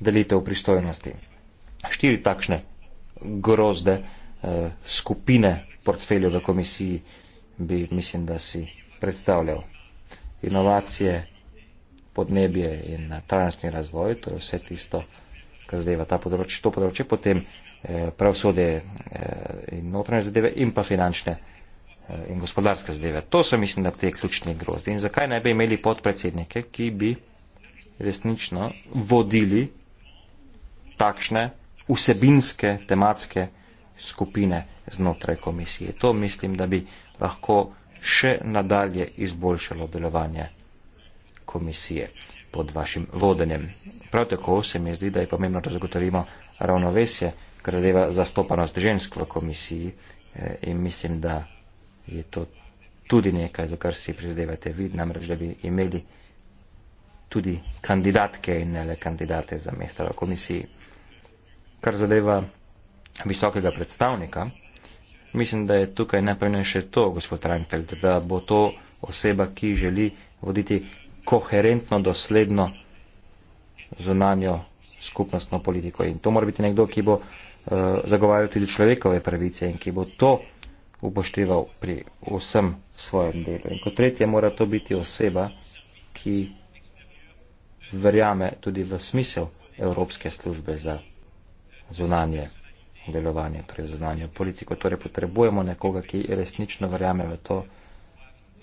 delitev pristojnosti. Štiri takšne grozde eh, skupine portfeljev v komisiji bi, mislim, da si predstavljal. Inovacije, podnebje in eh, trajnostni razvoj, to je vse tisto, kar zdajva ta področje, to področje, potem eh, pravosodje eh, in notranje zadeve in pa finančne eh, in gospodarske zadeve. To so, mislim, da te ključne grozde. In zakaj ne bi imeli podpredsednike, ki bi resnično vodili takšne vsebinske tematske skupine znotraj komisije. To mislim, da bi lahko še nadalje izboljšalo delovanje komisije pod vašim vodenjem. Prav tako se mi zdi, da je pomembno, da zagotovimo ravnovesje, kar zadeva zastopanost žensk v komisiji eh, in mislim, da je to tudi nekaj, za kar si prizadevate vi, namreč, da bi imeli tudi kandidatke in ne le kandidate za mesta v komisiji. Kar zadeva visokega predstavnika, mislim, da je tukaj najprej še to, gospod Reinfeldt, da bo to oseba, ki želi voditi koherentno, dosledno zunanjo skupnostno politiko. In to mora biti nekdo, ki bo uh, zagovarjal tudi človekove pravice in ki bo to upošteval pri vsem svojem delu. In kot tretje, mora to biti oseba, ki verjame tudi v smisel Evropske službe za zunanje delovanje, torej zunanje politiko. Torej potrebujemo nekoga, ki resnično verjame v to,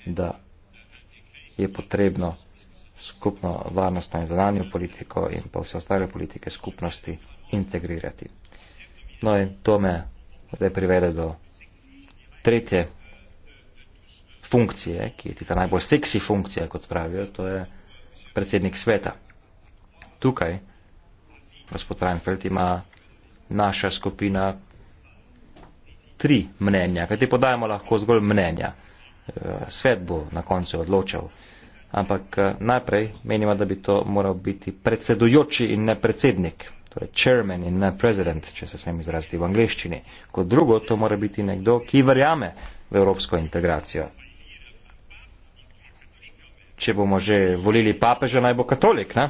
da je potrebno skupno varnostno in zunanje politiko in pa vse ostale politike skupnosti integrirati. No in to me zdaj privede do tretje funkcije, ki je tista najbolj seksi funkcija, kot pravijo, to je predsednik sveta. Tukaj, gospod Reinfeldt, ima naša skupina tri mnenja, kajti podajamo lahko zgolj mnenja. Eh, svet bo na koncu odločal. Ampak eh, najprej menimo, da bi to moral biti predsedujoči in ne predsednik, torej chairman in ne president, če se smem izraziti v angleščini. Kot drugo, to mora biti nekdo, ki verjame v evropsko integracijo če bomo že volili papeža, naj bo katolik, ne?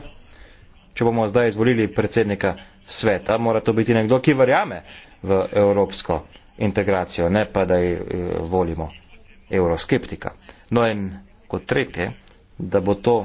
Če bomo zdaj izvolili predsednika sveta, mora to biti nekdo, ki verjame v evropsko integracijo, ne pa da je eh, volimo euroskeptika. No in kot tretje, da bo to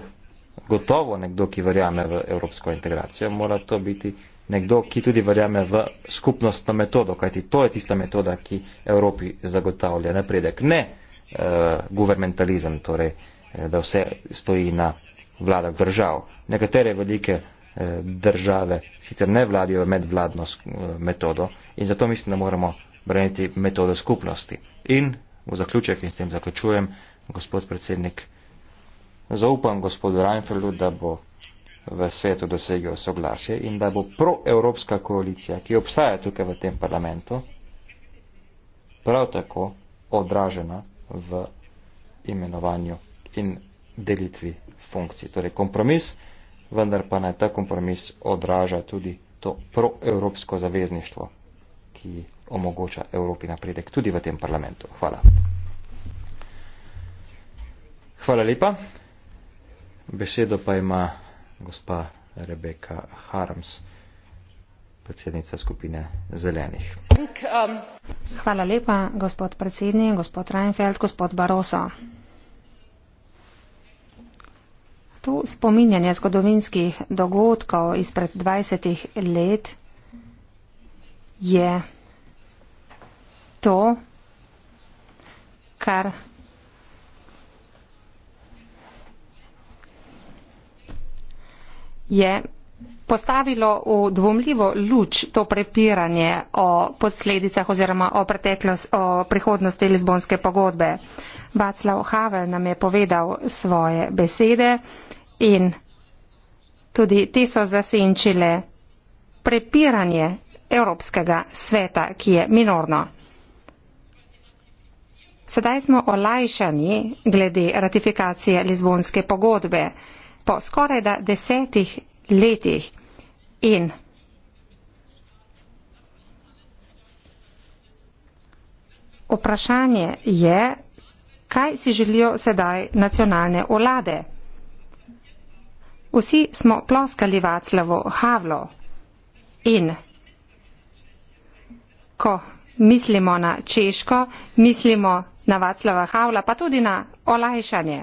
gotovo nekdo, ki verjame v evropsko integracijo, mora to biti nekdo, ki tudi verjame v skupnostno metodo, kajti to je tista metoda, ki Evropi zagotavlja napredek. Ne eh, guvernmentalizem, torej eh, Eh, da vse stoji na vladah držav. Nekatere velike eh, države sicer ne vladijo medvladno eh, metodo in zato mislim, da moramo braniti metodo skupnosti. In v zaključek in s tem zaključujem, gospod predsednik, zaupam gospodu Reinfeldu, da bo v svetu dosegel soglasje in da bo proevropska koalicija, ki obstaja tukaj v tem parlamentu, prav tako odražena v imenovanju in delitvi funkcij. Torej kompromis, vendar pa naj ta kompromis odraža tudi to proevropsko zavezništvo, ki omogoča Evropi napredek tudi v tem parlamentu. Hvala. Hvala lepa. Besedo pa ima gospa Rebeka Harms, predsednica skupine Zelenih. Hvala lepa, gospod predsednik, gospod Reinfeldt, gospod Baroso. To spominjanje zgodovinskih dogodkov izpred 20 let je to, kar je postavilo v dvomljivo luč to prepiranje o posledicah oziroma o, preteklost, o prihodnosti Lizbonske pogodbe. Vaclav Havel nam je povedal svoje besede in tudi te so zasenčile prepiranje Evropskega sveta, ki je minorno. Sedaj smo olajšani glede ratifikacije Lizbonske pogodbe po skoraj da desetih letih in vprašanje je, kaj si želijo sedaj nacionalne olade. Vsi smo ploskali Vaclavo Havlo in ko mislimo na Češko, mislimo na Vaclava Havla, pa tudi na olajšanje.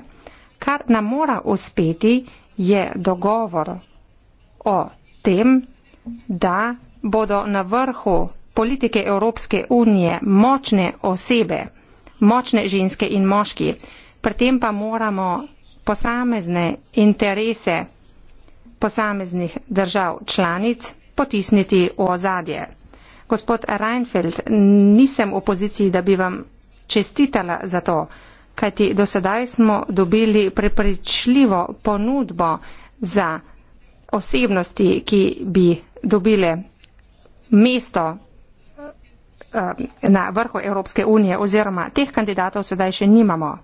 Kar nam mora uspeti, je dogovor o tem, da bodo na vrhu politike Evropske unije močne osebe močne ženske in moški. Pri tem pa moramo posamezne interese posameznih držav članic potisniti v ozadje. Gospod Reinfeld, nisem v poziciji, da bi vam čestitala za to, kajti do sedaj smo dobili prepričljivo ponudbo za osebnosti, ki bi dobile mesto Eh, na vrhu Evropske unije oziroma teh kandidatov sedaj še nimamo.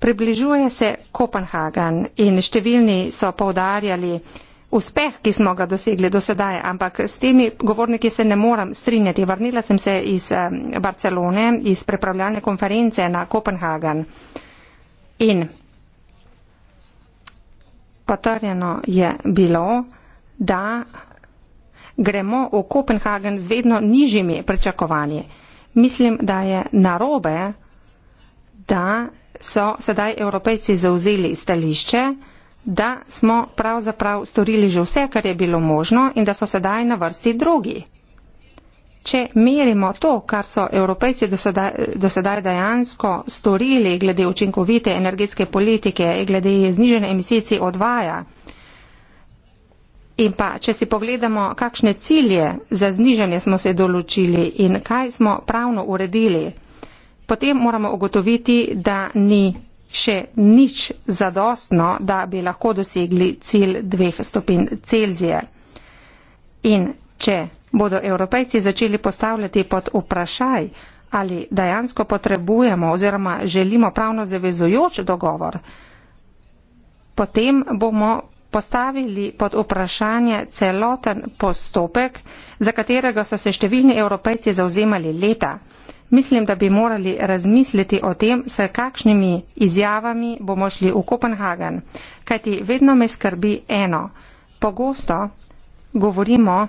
Približuje se Kopenhagen in številni so povdarjali uspeh, ki smo ga dosegli do sedaj, ampak s temi govorniki se ne moram strinjati. Vrnila sem se iz eh, Barcelone, iz prepravljalne konference na Kopenhagen in potrjeno je bilo, da gremo v Kopenhagen z vedno nižjimi pričakovanji. Mislim, da je narobe, da so sedaj evropejci zauzeli stališče, da smo pravzaprav storili že vse, kar je bilo možno in da so sedaj na vrsti drugi. Če merimo to, kar so evropejci do sedaj dejansko storili glede učinkovite energetske politike, glede znižene emisije odvaja, In pa, če si pogledamo, kakšne cilje za znižanje smo se določili in kaj smo pravno uredili, potem moramo ugotoviti, da ni še nič zadostno, da bi lahko dosegli cilj dveh stopin Celzije. In če bodo evropejci začeli postavljati pod vprašaj, ali dejansko potrebujemo oziroma želimo pravno zavezujoč dogovor, potem bomo postavili pod vprašanje celoten postopek, za katerega so se številni evropejci zauzemali leta. Mislim, da bi morali razmisliti o tem, s kakšnimi izjavami bomo šli v Kopenhagen. Kajti vedno me skrbi eno. Pogosto govorimo,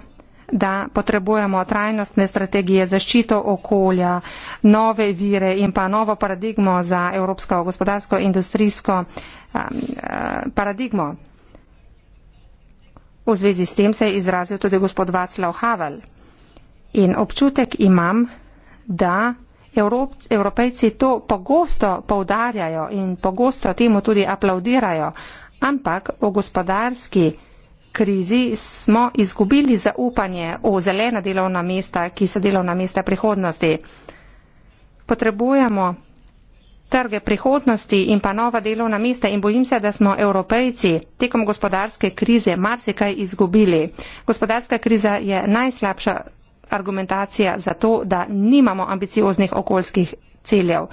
da potrebujemo trajnostne strategije zaščito okolja, nove vire in pa novo paradigmo za evropsko gospodarsko industrijsko um, eh, paradigmo. V zvezi s tem se je izrazil tudi gospod Václav Havel. In občutek imam, da Evrop, evropejci to pogosto poudarjajo in pogosto temu tudi aplaudirajo, ampak o gospodarski krizi smo izgubili zaupanje v zelena delovna mesta, ki so delovna mesta prihodnosti. Potrebujemo trge prihodnosti in pa nova delovna mesta in bojim se, da smo evropejci tekom gospodarske krize marsikaj izgubili. Gospodarska kriza je najslabša argumentacija za to, da nimamo ambicioznih okoljskih ciljev.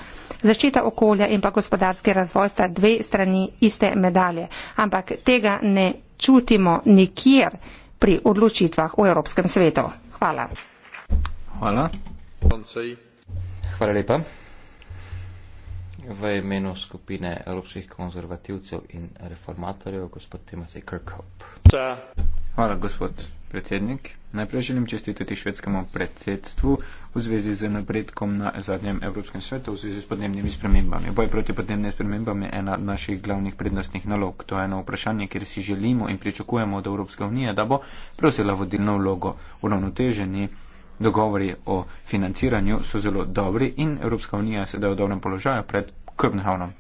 Zaščita okolja in pa gospodarski razvoj sta dve strani iste medalje, ampak tega ne čutimo nikjer pri odločitvah v Evropskem svetu. Hvala. Hvala. Hvala lepa v imenu skupine evropskih konzervativcev in reformatorjev, gospod Timothy Kirkhope. Hvala, gospod predsednik. Najprej želim čestitati švedskemu predsedstvu v zvezi z napredkom na zadnjem Evropskem svetu v zvezi s podnebnimi spremembami. Boj proti podnebnim spremembam je ena od naših glavnih prednostnih nalog. To je eno vprašanje, kjer si želimo in pričakujemo od Evropske unije, da bo prosila vodilno vlogo v ravnoteženju dogovori o financiranju so zelo dobri in Evropska unija sedaj v dobrem položaju pred Kopenhavnom.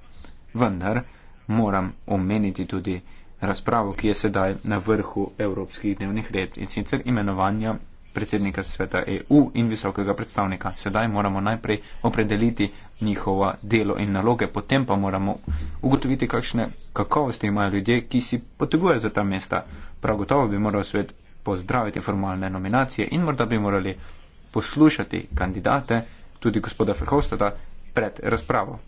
Vendar moram omeniti tudi razpravo, ki je sedaj na vrhu evropskih dnevnih red in sicer imenovanja predsednika sveta EU in visokega predstavnika. Sedaj moramo najprej opredeliti njihova delo in naloge, potem pa moramo ugotoviti, kakšne kakovosti imajo ljudje, ki si potegujejo za ta mesta. Prav gotovo bi moral svet pozdraviti formalne nominacije in morda bi morali poslušati kandidate, tudi gospoda Ferhovstada, pred razpravo.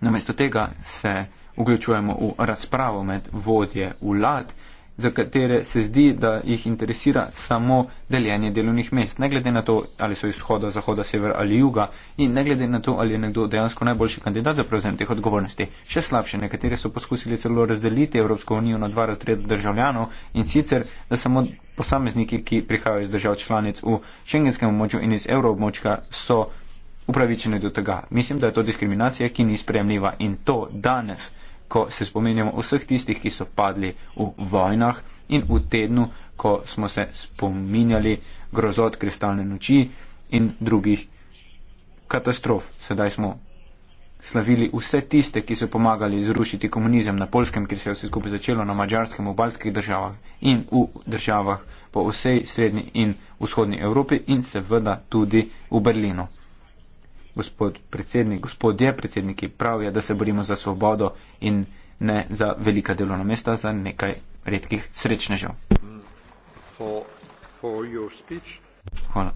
Namesto tega se vključujemo v razpravo med vodje vlad za katere se zdi, da jih interesira samo deljenje delovnih mest, ne glede na to, ali so izhoda, zahoda, sever ali juga in ne glede na to, ali je nekdo dejansko najboljši kandidat za prevzem teh odgovornosti. Še slabše, nekateri so poskusili celo razdeliti Evropsko unijo na dva razreda državljanov in sicer, da samo posamezniki, ki prihajajo iz držav članic v šengenskem območju in iz evroobmočka, so upravičeni do tega. Mislim, da je to diskriminacija, ki ni sprejemljiva in to danes ko se spominjamo vseh tistih, ki so padli v vojnah in v tednu, ko smo se spominjali grozot kristalne noči in drugih katastrof. Sedaj smo slavili vse tiste, ki so pomagali zrušiti komunizem na polskem, ker se je vse skupaj začelo na mačarskem, v balskih državah in v državah po vsej srednji in vzhodni Evropi in seveda tudi v Berlinu gospod predsednik, gospod je predsednik, ki pravi, da se borimo za svobodo in ne za velika delovna mesta, za nekaj redkih srečnežev. For, for Hvala.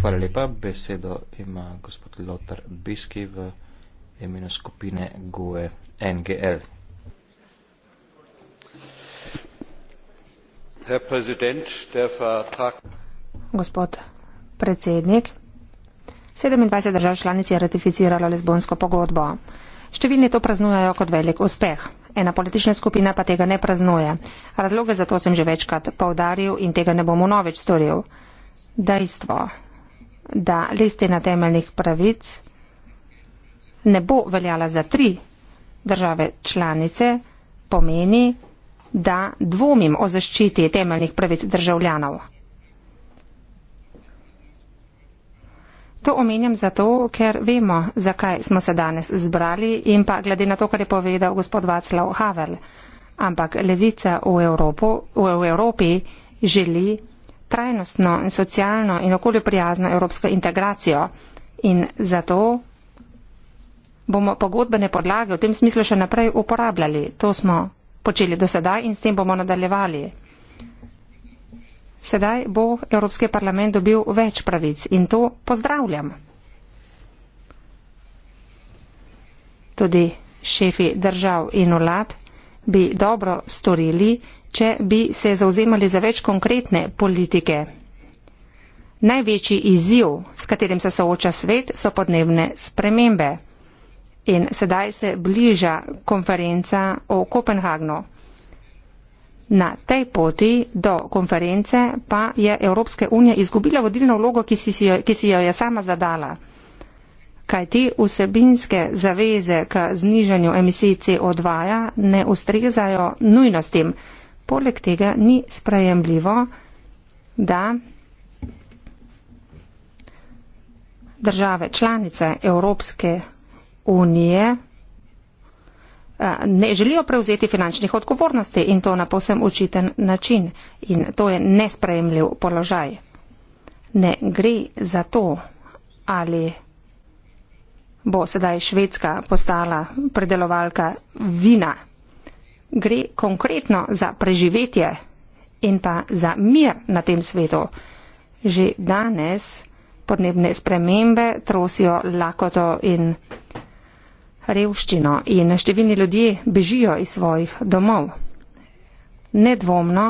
Hvala lepa. Besedo ima gospod Lotar Biski v imenu skupine GUE NGL. Gospod predsednik, 27 držav članic je ratificiralo lezbonsko pogodbo. Številni to praznujejo kot velik uspeh. Ena politična skupina pa tega ne praznuje. Razloge za to sem že večkrat povdaril in tega ne bom novič storil. Dejstvo, da listina temeljnih pravic ne bo veljala za tri države članice, pomeni, da dvomim o zaščiti temeljnih pravic državljanov. To omenjam zato, ker vemo, zakaj smo se danes zbrali in pa glede na to, kar je povedal gospod Václav Havel. Ampak levica v, Evropu, v Evropi želi trajnostno in socialno in okoljoprijazno evropsko integracijo in zato bomo pogodbene podlage v tem smislu še naprej uporabljali. To smo počeli do sedaj in s tem bomo nadaljevali. Sedaj bo Evropski parlament dobil več pravic in to pozdravljam. Tudi šefi držav in vlad bi dobro storili, če bi se zauzemali za več konkretne politike. Največji izziv, s katerim se sooča svet, so podnebne spremembe. In sedaj se bliža konferenca o Kopenhagnu. Na tej poti do konference pa je Evropska unija izgubila vodilno vlogo, ki si, jo, ki si jo je sama zadala. Kaj ti vsebinske zaveze k znižanju emisij CO2 ja ne ustrezajo nujnostim. Poleg tega ni sprejemljivo, da države članice Evropske unije ne želijo prevzeti finančnih odgovornosti in to na posem očiten način. In to je nespremljiv položaj. Ne gre za to, ali bo sedaj Švedska postala predelovalka vina. Gre konkretno za preživetje in pa za mir na tem svetu. Že danes podnebne spremembe trosijo lakoto in revščino in številni ljudje bežijo iz svojih domov. Nedvomno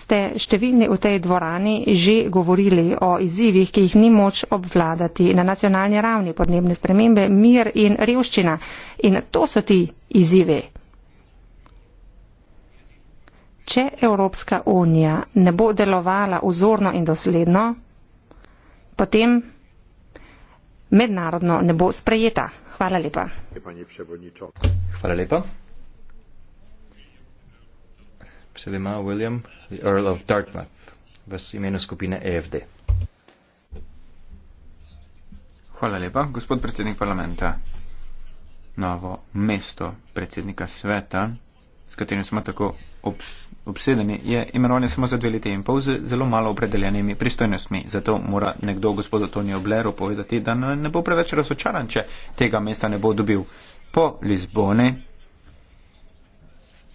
ste številni v tej dvorani že govorili o izzivih, ki jih ni moč obvladati na nacionalni ravni podnebne spremembe, mir in revščina. In to so ti izzivi. Če Evropska unija ne bo delovala vzorno in dosledno, potem mednarodno ne bo sprejeta. Hvala lepa. Hvala lepa. Besedo ima William, the Earl of Dartmouth, v imenu skupine AFD. E Hvala lepa, gospod predsednik parlamenta. Novo mesto predsednika sveta, s katerim smo tako obstali obsedeni, je imenovanje samo za dve leti in pol z zelo malo opredeljenimi pristojnostmi. Zato mora nekdo gospodu Tonijo Bleru povedati, da ne bo preveč razočaran, če tega mesta ne bo dobil. Po Lizboni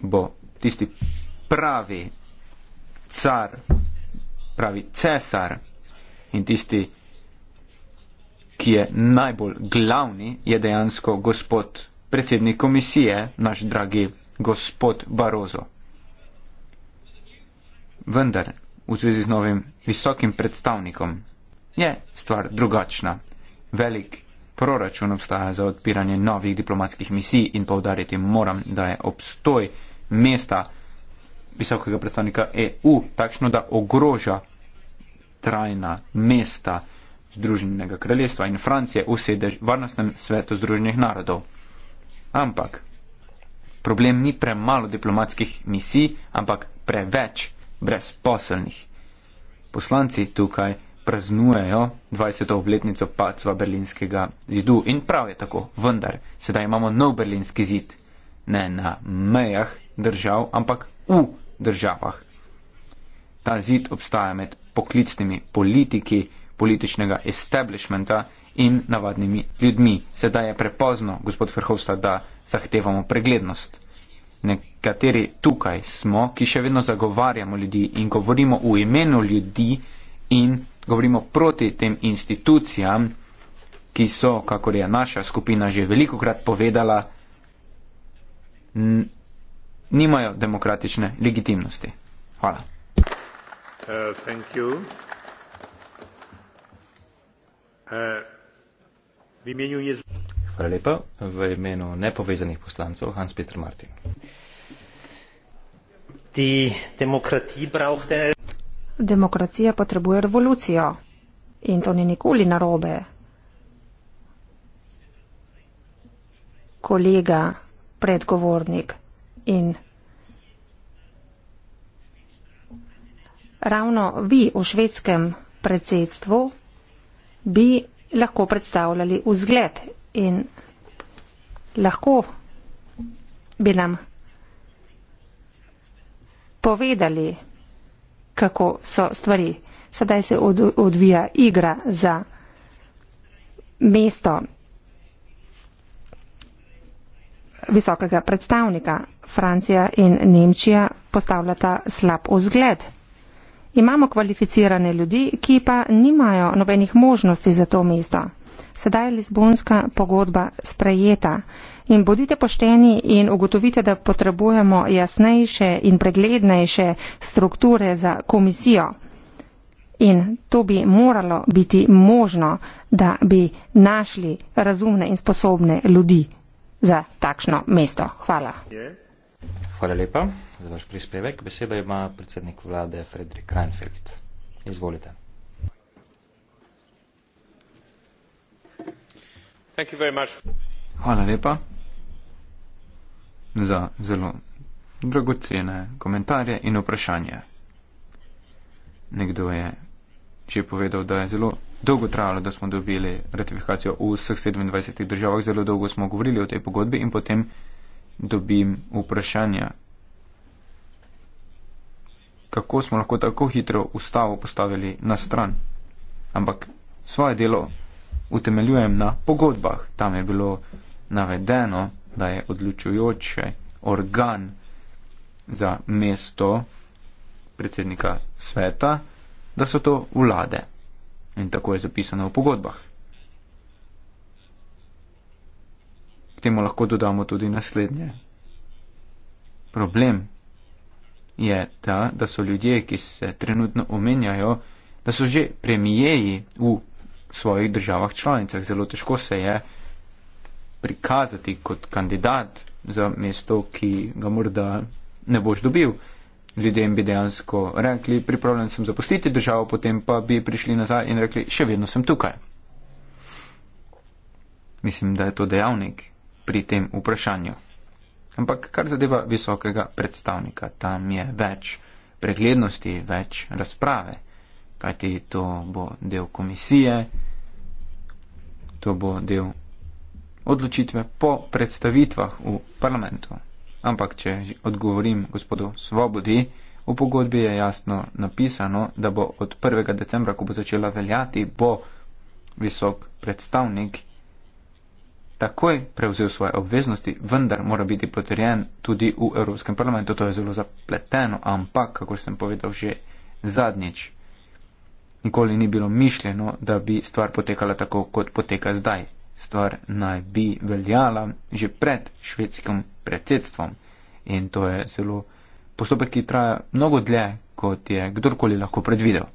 bo tisti pravi car, pravi cesar in tisti, ki je najbolj glavni, je dejansko gospod predsednik komisije, naš dragi gospod Barozo vendar v zvezi z novim visokim predstavnikom je stvar drugačna. Velik proračun obstaja za odpiranje novih diplomatskih misij in povdariti moram, da je obstoj mesta visokega predstavnika EU takšno, da ogroža trajna mesta Združenega kraljestva in Francije v sedež varnostnem svetu Združenih narodov. Ampak problem ni premalo diplomatskih misij, ampak preveč brezposelnih. Poslanci tukaj praznujejo 20. obletnico pacva berlinskega zidu in prav je tako, vendar sedaj imamo nov berlinski zid, ne na mejah držav, ampak v državah. Ta zid obstaja med poklicnimi politiki, političnega establishmenta in navadnimi ljudmi. Sedaj je prepozno, gospod Ferhovsta, da zahtevamo preglednost. Ne kateri tukaj smo, ki še vedno zagovarjamo ljudi in govorimo v imenu ljudi in govorimo proti tem institucijam, ki so, kako je naša skupina že veliko krat povedala, nimajo demokratične legitimnosti. Hvala. Uh, uh, Hvala lepa. V imenu nepovezanih poslancev Hans-Peter Martin. Er- Demokracija potrebuje revolucijo in to ni nikoli narobe. Kolega, predgovornik in ravno vi v švedskem predsedstvu bi lahko predstavljali vzgled in lahko bi nam povedali, kako so stvari. Sedaj se od, odvija igra za mesto visokega predstavnika. Francija in Nemčija postavljata slab vzgled. Imamo kvalificirane ljudi, ki pa nimajo nobenih možnosti za to mesto. Sedaj je Lizbonska pogodba sprejeta in bodite pošteni in ugotovite, da potrebujemo jasnejše in preglednejše strukture za komisijo. In to bi moralo biti možno, da bi našli razumne in sposobne ljudi za takšno mesto. Hvala. Hvala lepa za vaš prispevek. Besedo ima predsednik vlade Fredrik Reinfeldt. Izvolite. Hvala lepa za zelo dragocene komentarje in vprašanje. Nekdo je že povedal, da je zelo dolgo trajalo, da smo dobili ratifikacijo v vseh 27 državah, zelo dolgo smo govorili o tej pogodbi in potem dobim vprašanja, kako smo lahko tako hitro ustavo postavili na stran. Ampak svoje delo utemeljujem na pogodbah. Tam je bilo navedeno, da je odločujoče organ za mesto predsednika sveta, da so to vlade. In tako je zapisano v pogodbah. K temu lahko dodamo tudi naslednje. Problem je ta, da so ljudje, ki se trenutno omenjajo, da so že premijeji v svojih državah članicah. Zelo težko se je uh, prikazati kot kandidat za mesto, ki ga morda ne boš dobil. Ljudem bi dejansko rekli, pripravljen sem zapustiti državo, potem pa bi prišli nazaj in rekli, še vedno sem tukaj. Mislim, da je to dejavnik pri tem vprašanju. Ampak kar zadeva visokega predstavnika, tam je več preglednosti, več razprave, kajti to bo del komisije, to bo del odločitve po predstavitvah v parlamentu. Ampak, če odgovorim gospodu Svobodi, v pogodbi je jasno napisano, da bo od 1. decembra, ko bo začela veljati, bo visok predstavnik takoj prevzel svoje obveznosti, vendar mora biti potrjen tudi v Evropskem parlamentu. To je zelo zapleteno, ampak, kako sem povedal že zadnjič, nikoli ni bilo mišljeno, da bi stvar potekala tako, kot poteka zdaj stvar naj bi veljala že pred švedskim predsedstvom. In to je zelo postopek, ki traja mnogo dlje, kot je kdorkoli lahko predvidel.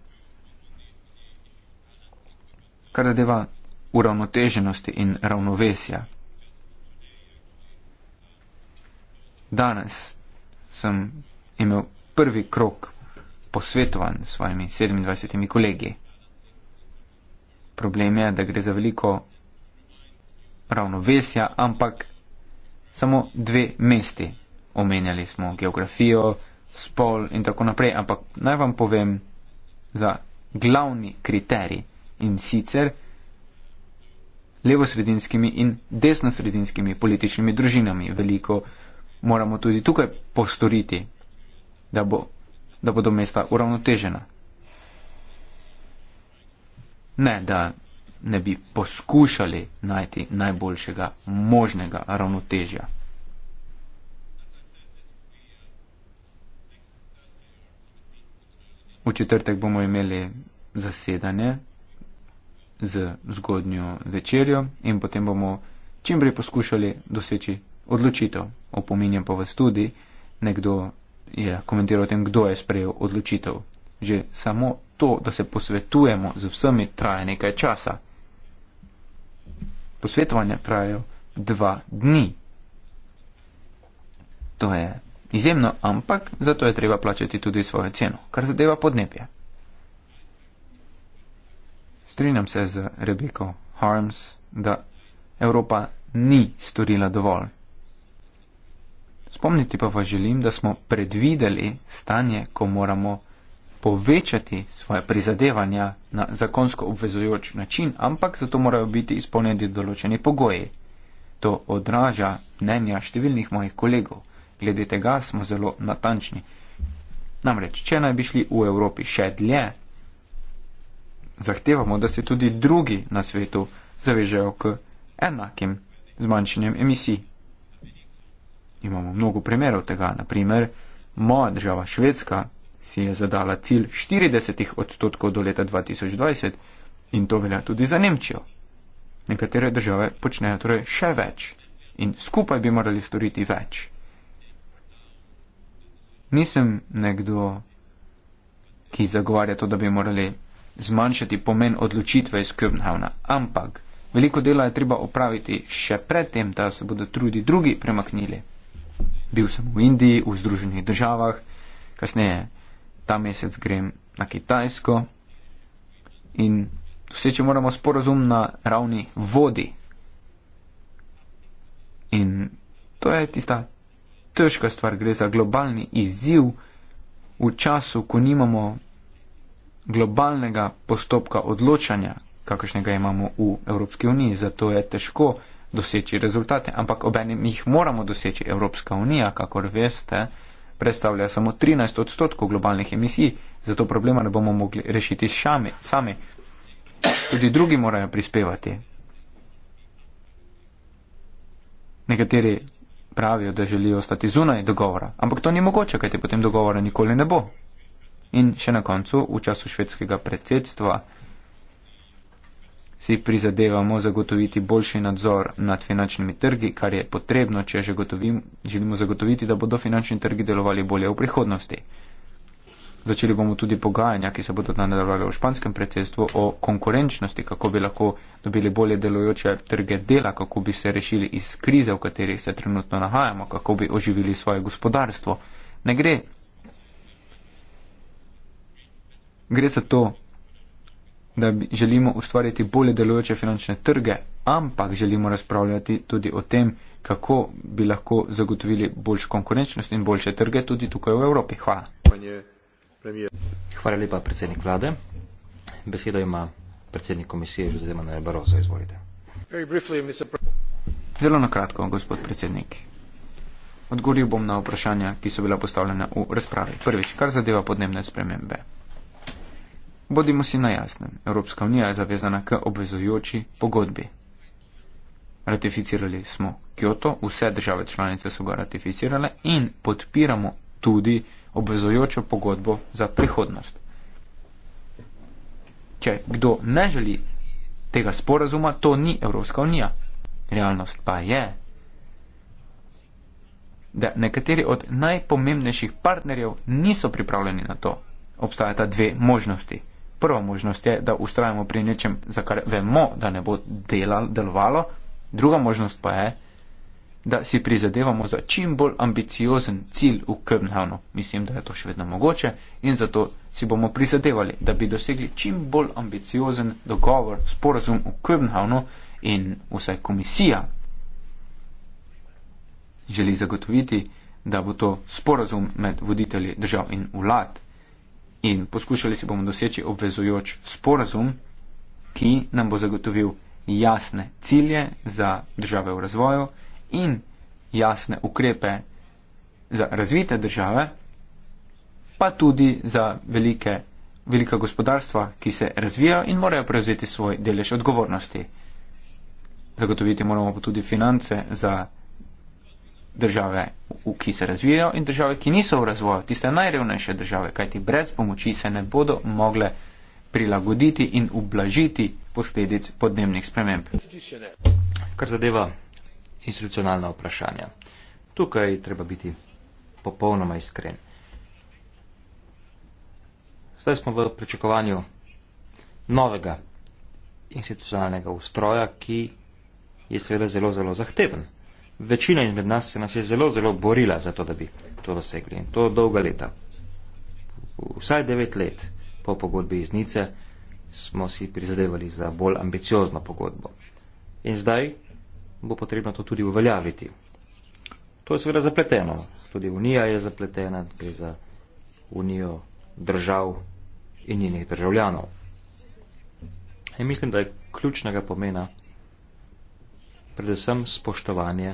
Kar zadeva uravnoteženosti in ravnovesja. Danes sem imel prvi krok posvetovan s svojimi 27 kolegi. Problem je, da gre za veliko ravnovesja, ampak samo dve mesti. Omenjali smo geografijo, spol in tako naprej, ampak naj vam povem za glavni kriterij in sicer levosredinskimi in desnosredinskimi političnimi družinami. Veliko moramo tudi tukaj postoriti, da, bo, da bodo mesta uravnotežena. Ne, da ne bi poskušali najti najboljšega možnega ravnotežja. V četrtek bomo imeli zasedanje z zgodnjo večerjo in potem bomo čim prej poskušali doseči odločitev. Opominjam pa vas tudi, nekdo je komentiral o tem, kdo je sprejel odločitev. Že samo to, da se posvetujemo z vsemi, traja nekaj časa posvetovanja trajajo dva dni. To je izjemno, ampak zato je treba plačati tudi svojo ceno, kar zadeva podnebje. Strinjam se z Rebeko Harms, da Evropa ni storila dovolj. Spomniti pa vas želim, da smo predvideli stanje, ko moramo povečati svoje prizadevanja na zakonsko obvezujoč način, ampak zato morajo biti izpolnjeni določeni pogoji. To odraža mnenja številnih mojih kolegov. Glede tega smo zelo natančni. Namreč, če naj bi šli v Evropi še dlje, zahtevamo, da se tudi drugi na svetu zavežejo k enakim zmanjšanjem emisij. Imamo mnogo primerov tega, naprimer, moja država Švedska si je zadala cilj 40 odstotkov do leta 2020 in to velja tudi za Nemčijo. Nekatere države počnejo torej še več in skupaj bi morali storiti več. Nisem nekdo, ki zagovarja to, da bi morali zmanjšati pomen odločitve iz Köbenhavna, ampak veliko dela je treba opraviti še predtem, da se bodo tudi drugi premaknili. Bil sem v Indiji, v Združenih državah, kasneje ta mesec grem na Kitajsko in doseči moramo sporozum na ravni vodi. In to je tista težka stvar, gre za globalni izziv v času, ko nimamo globalnega postopka odločanja, kakršnega imamo v Evropski uniji, zato je težko doseči rezultate, ampak obenem jih moramo doseči Evropska unija, kakor veste, predstavlja samo 13 odstotkov globalnih emisij, zato problema ne bomo mogli rešiti šami, sami. Tudi drugi morajo prispevati. Nekateri pravijo, da želijo ostati zunaj dogovora, ampak to ni mogoče, kajti potem dogovora nikoli ne bo. In še na koncu, v času švedskega predsedstva, si prizadevamo zagotoviti boljši nadzor nad finančnimi trgi, kar je potrebno, če želimo zagotoviti, da bodo finančni trgi delovali bolje v prihodnosti. Začeli bomo tudi pogajanja, ki se bodo nadaljevali v španskem predsedstvu o konkurenčnosti, kako bi lahko dobili bolje delujoče trge dela, kako bi se rešili iz krize, v kateri se trenutno nahajamo, kako bi oživili svoje gospodarstvo. Ne gre. Gre za to, da želimo ustvariti bolje delujoče finančne trge, ampak želimo razpravljati tudi o tem, kako bi lahko zagotovili boljšo konkurenčnost in boljše trge tudi tukaj v Evropi. Hvala. Hvala lepa, predsednik vlade. Besedo ima predsednik komisije Žuzema Barozo. Izvolite. Zelo na kratko, gospod predsednik. Odgovoril bom na vprašanja, ki so bila postavljena v razpravi. Prvič, kar zadeva podnebne spremembe. Bodimo si na jasnem, Evropska unija je zavezana k obvezujoči pogodbi. Ratificirali smo Kyoto, vse države članice so ga ratificirale in podpiramo tudi obvezujočo pogodbo za prihodnost. Če kdo ne želi tega sporazuma, to ni Evropska unija. Realnost pa je, da nekateri od najpomembnejših partnerjev niso pripravljeni na to. Obstajata dve možnosti. Prva možnost je, da ustrajamo pri nečem, za kar vemo, da ne bo delal, delovalo. Druga možnost pa je, da si prizadevamo za čim bolj ambiciozen cilj v Köpenhavnu. Mislim, da je to še vedno mogoče in zato si bomo prizadevali, da bi dosegli čim bolj ambiciozen dogovor, sporazum v Köpenhavnu in vsaj komisija želi zagotoviti, da bo to sporazum med voditelji držav in vlad in poskušali si bomo doseči obvezujoč sporazum, ki nam bo zagotovil jasne cilje za države v razvoju in jasne ukrepe za razvite države, pa tudi za velike, velika gospodarstva, ki se razvijajo in morajo prevzeti svoj delež odgovornosti. Zagotoviti moramo pa tudi finance za države, v, ki se razvijajo in države, ki niso v razvoju, tiste najrevnejše države, kajti brez pomoči se ne bodo mogle prilagoditi in ublažiti posledic podnebnih sprememb. Kar zadeva institucionalna vprašanja. Tukaj treba biti popolnoma iskren. Zdaj smo v pričakovanju novega institucionalnega ustroja, ki je seveda zelo, zelo zahteven večina izmed nas se nas je zelo, zelo borila za to, da bi to dosegli. In to dolga leta. Vsaj devet let po pogodbi iz Nice smo si prizadevali za bolj ambiciozno pogodbo. In zdaj bo potrebno to tudi uveljaviti. To je seveda zapleteno. Tudi Unija je zapletena, gre za Unijo držav in njenih državljanov. In mislim, da je ključnega pomena predvsem spoštovanje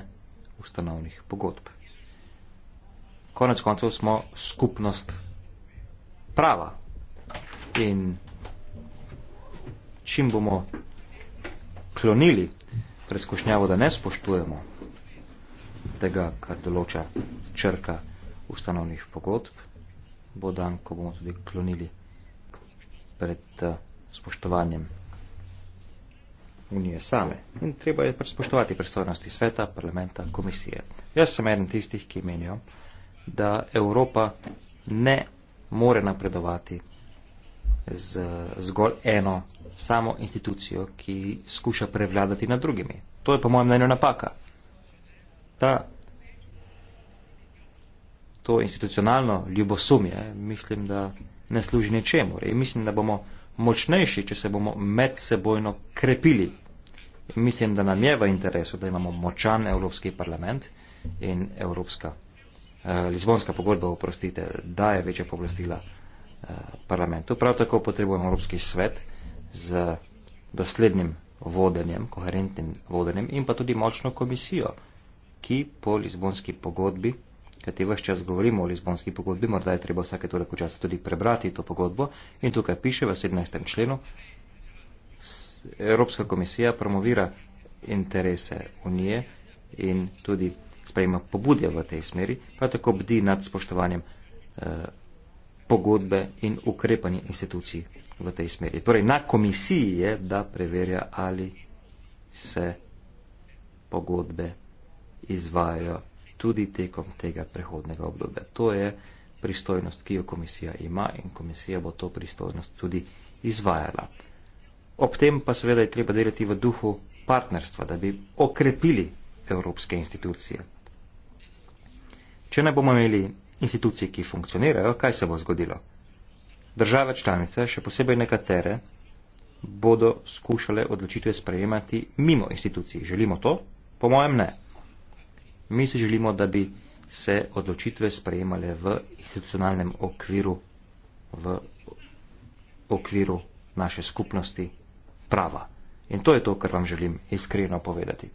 ustanovnih pogodb. Konec koncev smo skupnost prava in čim bomo klonili preskušnjavo, da ne spoštujemo tega, kar določa črka ustanovnih pogodb, bo dan, ko bomo tudi klonili pred eh, spoštovanjem unije same. In treba je pač spoštovati pristojnosti sveta, parlamenta, komisije. Jaz sem eden tistih, ki menijo, da Evropa ne more napredovati z zgolj eno samo institucijo, ki skuša prevladati nad drugimi. To je po mojem mnenju napaka. Ta to institucionalno ljubosumje, mislim, da ne služi ničemu. Mislim, da bomo močnejši, če se bomo medsebojno krepili. Mislim, da nam je v interesu, da imamo močan Evropski parlament in Evropska, eh, Lizbonska pogodba, oprostite, daje večje povlastila eh, parlamentu. Prav tako potrebujemo Evropski svet z doslednim vodenjem, koherentnim vodenjem in pa tudi močno komisijo, ki po Lizbonski pogodbi kajti vse čas govorimo o Lizbonski pogodbi, morda je treba vsake toliko časa tudi prebrati to pogodbo in tukaj piše v 17. členu, Evropska komisija promovira interese unije in tudi sprejema pobudje v tej smeri, pa tako bdi nad spoštovanjem eh, pogodbe in ukrepanje institucij v tej smeri. Torej, na komisiji je, da preverja, ali se pogodbe izvajajo tudi tekom tega prehodnega obdobja. To je pristojnost, ki jo komisija ima in komisija bo to pristojnost tudi izvajala. Ob tem pa seveda je treba delati v duhu partnerstva, da bi okrepili evropske institucije. Če ne bomo imeli institucij, ki funkcionirajo, kaj se bo zgodilo? Države članice, še posebej nekatere, bodo skušale odločitve sprejemati mimo institucij. Želimo to? Po mojem ne. Mi si želimo, da bi se odločitve sprejemale v institucionalnem okviru, v okviru naše skupnosti prava. In to je to, kar vam želim iskreno povedati.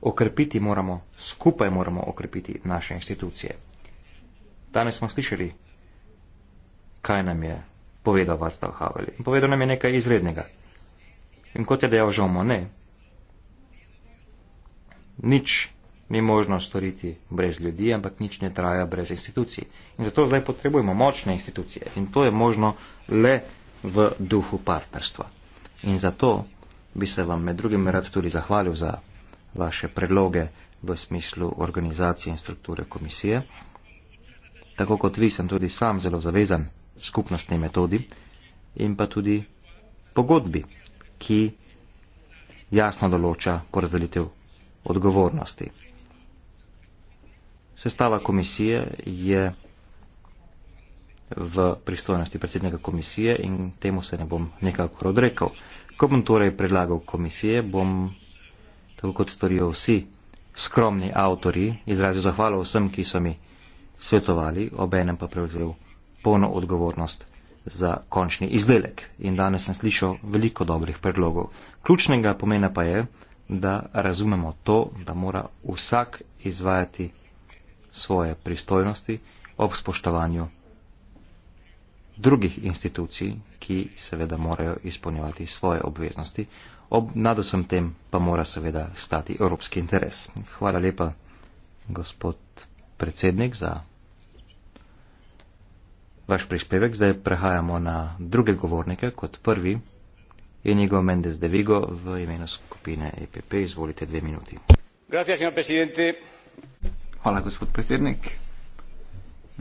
Okrepiti moramo, skupaj moramo okrepiti naše institucije. Danes smo slišali, kaj nam je povedal Václav Havel. In povedal nam je nekaj izrednega. In kot je dejal Žomo, ne. Nič ni možno storiti brez ljudi, ampak nič ne traja brez institucij. In zato zdaj potrebujemo močne institucije in to je možno le v duhu partnerstva. In zato bi se vam med drugim rad tudi zahvalil za vaše predloge v smislu organizacije in strukture komisije. Tako kot vi sem tudi sam zelo zavezan skupnostni metodi in pa tudi pogodbi, ki jasno določa porazdelitev odgovornosti. Sestava komisije je v pristojnosti predsednika komisije in temu se ne bom nekako odrekel. Ko bom torej predlagal komisije, bom, tako kot storijo vsi skromni avtori, izrazil zahvalo vsem, ki so mi svetovali, obenem pa prevzel polno odgovornost za končni izdelek. In danes sem slišal veliko dobrih predlogov. Ključnega pomena pa je, da razumemo to, da mora vsak izvajati svoje pristojnosti ob spoštovanju drugih institucij, ki seveda morajo izpolnjevati svoje obveznosti, ob nadosem tem pa mora seveda stati evropski interes. Hvala lepa, gospod predsednik, za vaš prispevek. Zdaj prehajamo na druge govornike kot prvi. Inigo Mendes de Vigo v imenu skupine EPP. Izvolite dve minuti. Gracias, señor presidente. Hvala, gospod predsednik.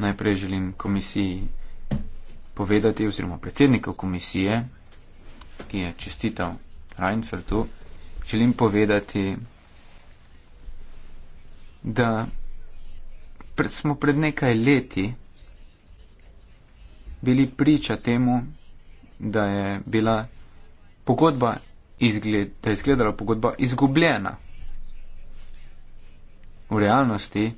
Najprej želim komisiji povedati, oziroma predsednikov komisije, ki je čestital Reinfeldtu, želim povedati, da pred, smo pred nekaj leti bili priča temu, da je bila pogodba, izgled, da je izgledala pogodba izgubljena v realnosti,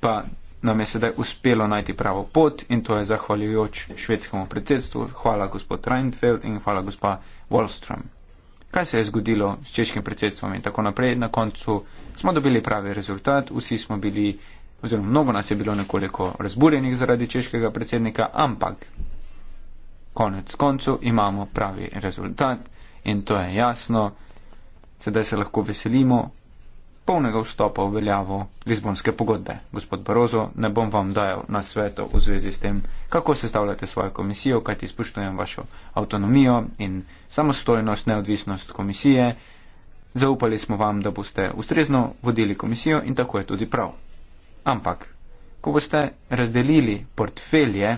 pa nam je sedaj uspelo najti pravo pot in to je zahvaljujoč švedskemu predsedstvu. Hvala gospod Reinfeld in hvala gospa Wallström. Kaj se je zgodilo s češkim predsedstvom in tako naprej? Na koncu smo dobili pravi rezultat, vsi smo bili, oziroma mnogo nas je bilo nekoliko razburjenih zaradi češkega predsednika, ampak konec koncu imamo pravi rezultat in to je jasno. Sedaj se lahko veselimo polnega vstopa v veljavo Lizbonske pogodbe. Gospod Barozo, ne bom vam dajal na sveto v zvezi s tem, kako sestavljate svojo komisijo, kajti spoštujem vašo avtonomijo in samostojnost, neodvisnost komisije. Zaupali smo vam, da boste ustrezno vodili komisijo in tako je tudi prav. Ampak, ko boste razdelili portfelje,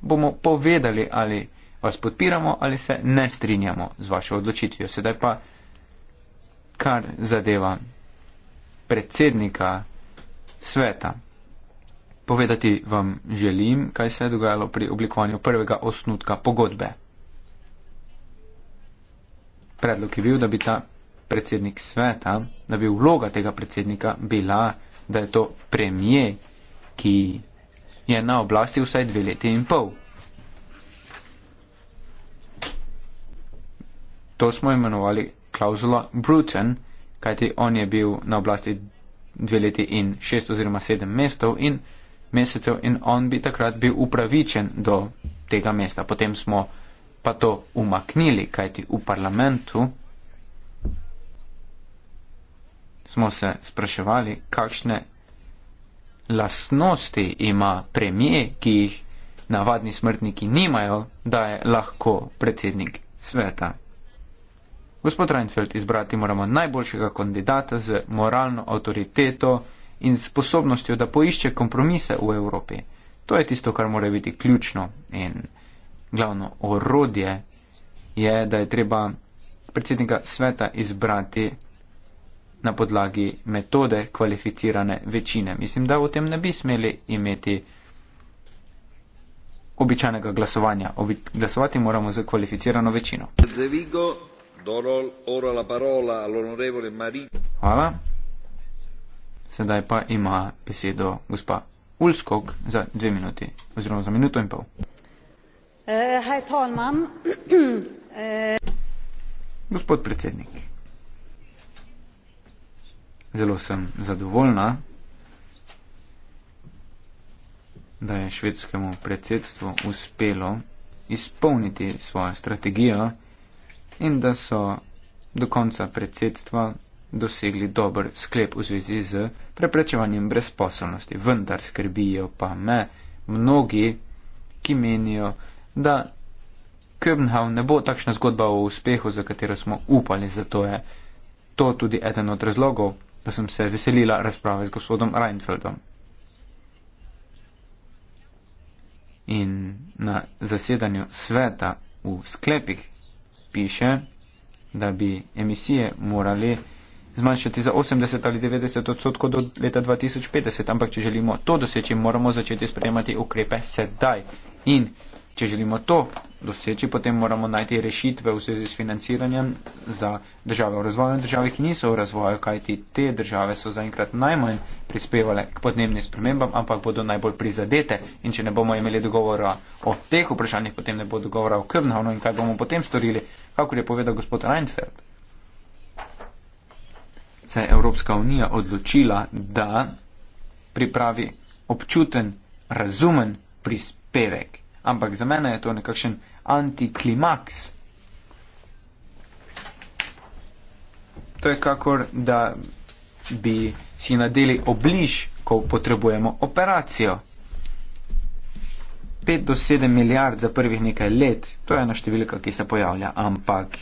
bomo povedali, ali vas podpiramo ali se ne strinjamo z vašo odločitvijo. Sedaj pa, kar zadeva predsednika sveta. Povedati vam želim, kaj se je dogajalo pri oblikovanju prvega osnutka pogodbe. Predlog je bil, da bi ta predsednik sveta, da bi vloga tega predsednika bila, da je to premije, ki je na oblasti vsaj dve leti in pol. To smo imenovali klauzulo Bruton, kajti on je bil na oblasti dve leti in šest oziroma sedem mestov in mesecev in on bi takrat bil upravičen do tega mesta. Potem smo pa to umaknili, kajti v parlamentu smo se spraševali, kakšne lasnosti ima premije, ki jih navadni smrtniki nimajo, da je lahko predsednik sveta. Gospod Reinfeldt, izbrati moramo najboljšega kandidata z moralno avtoriteto in sposobnostjo, da poišče kompromise v Evropi. To je tisto, kar mora biti ključno in glavno orodje je, da je treba predsednika sveta izbrati na podlagi metode kvalificirane večine. Mislim, da v tem ne bi smeli imeti običajnega glasovanja. Obi glasovati moramo z kvalificirano večino. Hvala. Sedaj pa ima besedo gospa Ulskog za dve minuti oziroma za minuto in pol. Uh, hi, uh, Gospod predsednik, zelo sem zadovoljna, da je švedskemu predsedstvu uspelo izpolniti svojo strategijo, in da so do konca predsedstva dosegli dober sklep v zvezi z preprečevanjem brezposobnosti. Vendar skrbijo pa me mnogi, ki menijo, da Köbenhavn ne bo takšna zgodba o uspehu, za katero smo upali. Zato je to tudi eden od razlogov, da sem se veselila razprave z gospodom Reinfeldom. In na zasedanju sveta v sklepih piše, da bi emisije morali zmanjšati za 80 ali 90 odstotkov do leta 2050, ampak če želimo to doseči, moramo začeti sprejemati ukrepe sedaj. In če želimo to doseči, potem moramo najti rešitve v zvezi s financiranjem za države v razvoju in države, ki niso v razvoju, kajti te države so zaenkrat najmanj prispevale k podnebnim spremembam, ampak bodo najbolj prizadete. In če ne bomo imeli dogovora o teh vprašanjih, potem ne bo dogovora o krnavno in kaj bomo potem storili kakor je povedal gospod Reinfeldt. Se je Evropska unija odločila, da pripravi občuten, razumen prispevek. Ampak za mene je to nekakšen antiklimaks. To je kakor, da bi si nadeli obliž, ko potrebujemo operacijo. 5 do 7 milijard za prvih nekaj let, to je ena številka, ki se pojavlja, ampak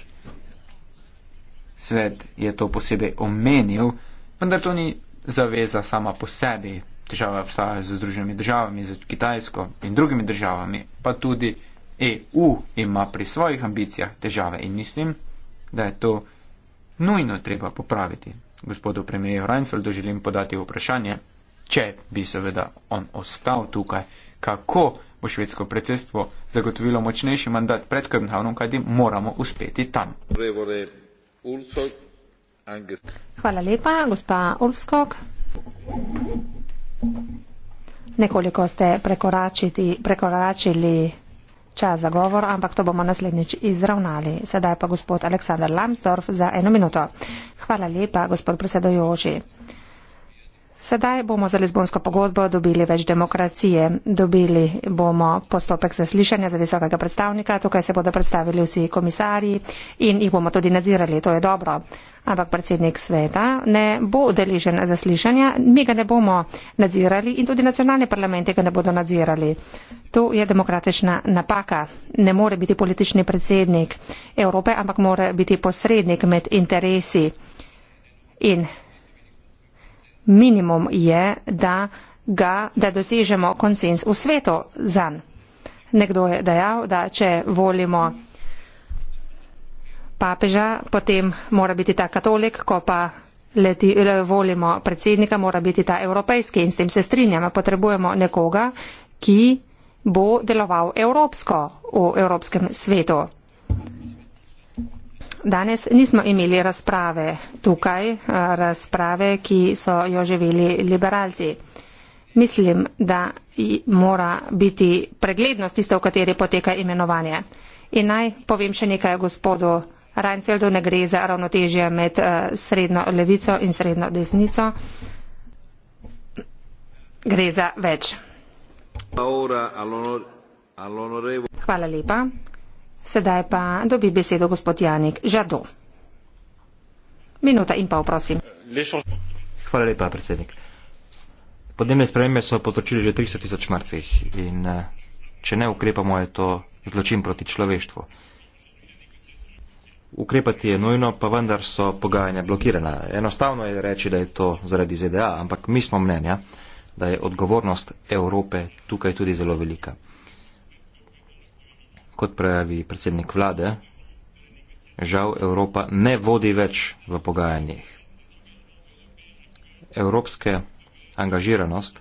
svet je to posebej omenil, vendar to ni zaveza sama po sebi. Težave obstajajo z združenimi državami, z Kitajsko in drugimi državami, pa tudi EU ima pri svojih ambicijah težave in mislim, da je to nujno treba popraviti. Gospodu premijeju Reinfeldu želim podati vprašanje, če bi seveda on ostal tukaj, kako bo švedsko predsedstvo zagotovilo močnejši mandat pred Krnhavnom, kaj moramo uspeti tam. Hvala lepa, gospa Ulfskog. Nekoliko ste prekoračili čas za govor, ampak to bomo naslednjič izravnali. Sedaj pa gospod Aleksandar Lamsdorf za eno minuto. Hvala lepa, gospod predsedojoči. Sedaj bomo za Lizbonsko pogodbo dobili več demokracije, dobili bomo postopek zaslišanja za visokega predstavnika, tukaj se bodo predstavili vsi komisarji in jih bomo tudi nadzirali, to je dobro. Ampak predsednik sveta ne bo deležen zaslišanja, mi ga ne bomo nadzirali in tudi nacionalni parlamenti ga ne bodo nadzirali. To je demokratična napaka. Ne more biti politični predsednik Evrope, ampak mora biti posrednik med interesi. In minimum je, da, ga, da dosežemo konsens v svetu za njega. Nekdo je dejal, da če volimo papeža, potem mora biti ta katolik, ko pa leti, le volimo predsednika, mora biti ta evropejski in s tem se strinjamo. Potrebujemo nekoga, ki bo deloval evropsko v evropskem svetu. Danes nismo imeli razprave tukaj, eh, razprave, ki so jo živeli liberalci. Mislim, da mora biti preglednost tista, v kateri poteka imenovanje. In naj povem še nekaj gospodu Reinfeldu, ne gre za ravnotežje med eh, srednjo levico in srednjo desnico. Gre za več. Hvala lepa. Sedaj pa dobi besedo gospod Janik Žado. Minuta in pa vprosim. Hvala lepa, predsednik. Podnebne spremembe so potočili že 300 tisoč mrtvih in eh, če ne ukrepamo, je to zločin proti človeštvu. Ukrepati je nujno, pa vendar so pogajanja blokirana. Enostavno je reči, da je to zaradi ZDA, ampak mi smo mnenja, da je odgovornost Evrope tukaj tudi zelo velika kot pravi predsednik vlade, žal Evropa ne vodi več v pogajanjih. Evropske angažiranost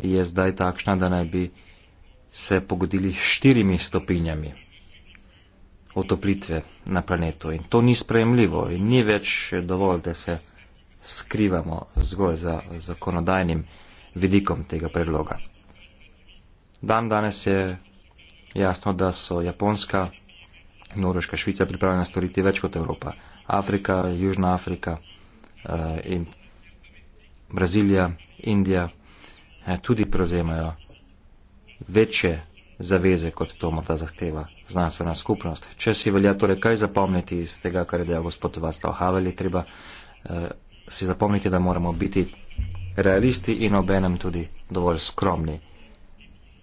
je zdaj takšna, da naj bi se pogodili štirimi stopinjami otoplitve na planetu. In to ni sprejemljivo in ni več dovolj, da se skrivamo zgolj za zakonodajnim vidikom tega predloga. Dan danes je jasno, da so Japonska, Noroška, Švica pripravljena storiti več kot Evropa. Afrika, Južna Afrika eh, in Brazilija, Indija eh, tudi prevzemajo večje zaveze, kot to morda zahteva znanstvena skupnost. Če si velja torej kaj zapomniti iz tega, kar je dejal gospod Václav Havel, je treba eh, si zapomniti, da moramo biti realisti in obenem tudi dovolj skromni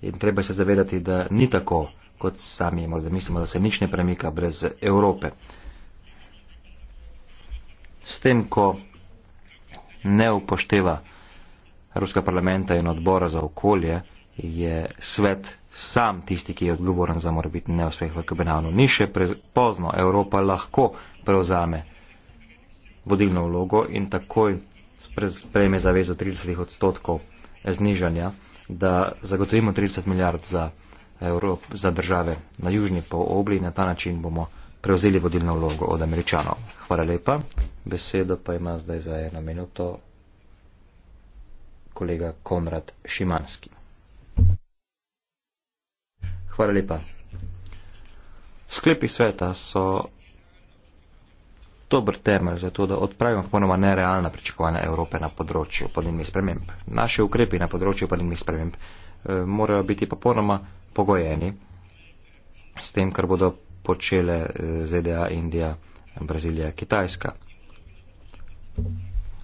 in treba se zavedati, da ni tako, kot sami morda mislimo, da se nič ne premika brez Evrope. S tem, ko ne upošteva Ruska parlamenta in odbora za okolje, je svet sam tisti, ki je odgovoren za morbitni neuspeh v Kobenavnu. Ni še pozno, Evropa lahko prevzame vodilno vlogo in takoj sprejme zavezo 30 odstotkov znižanja da zagotovimo 30 milijard za, Evrop, za države na južni polobli in na ta način bomo prevzeli vodilno vlogo od američanov. Hvala lepa. Besedo pa ima zdaj za eno minuto kolega Konrad Šimanski. Hvala lepa. Sklepi sveta so dober temelj za to, da odpravimo ponoma nerealna pričakovanja Evrope na področju podnebnih sprememb. Naše ukrepi na področju podnebnih sprememb eh, morajo biti pa ponoma pogojeni s tem, kar bodo počele eh, ZDA, Indija, Brazilija, Kitajska.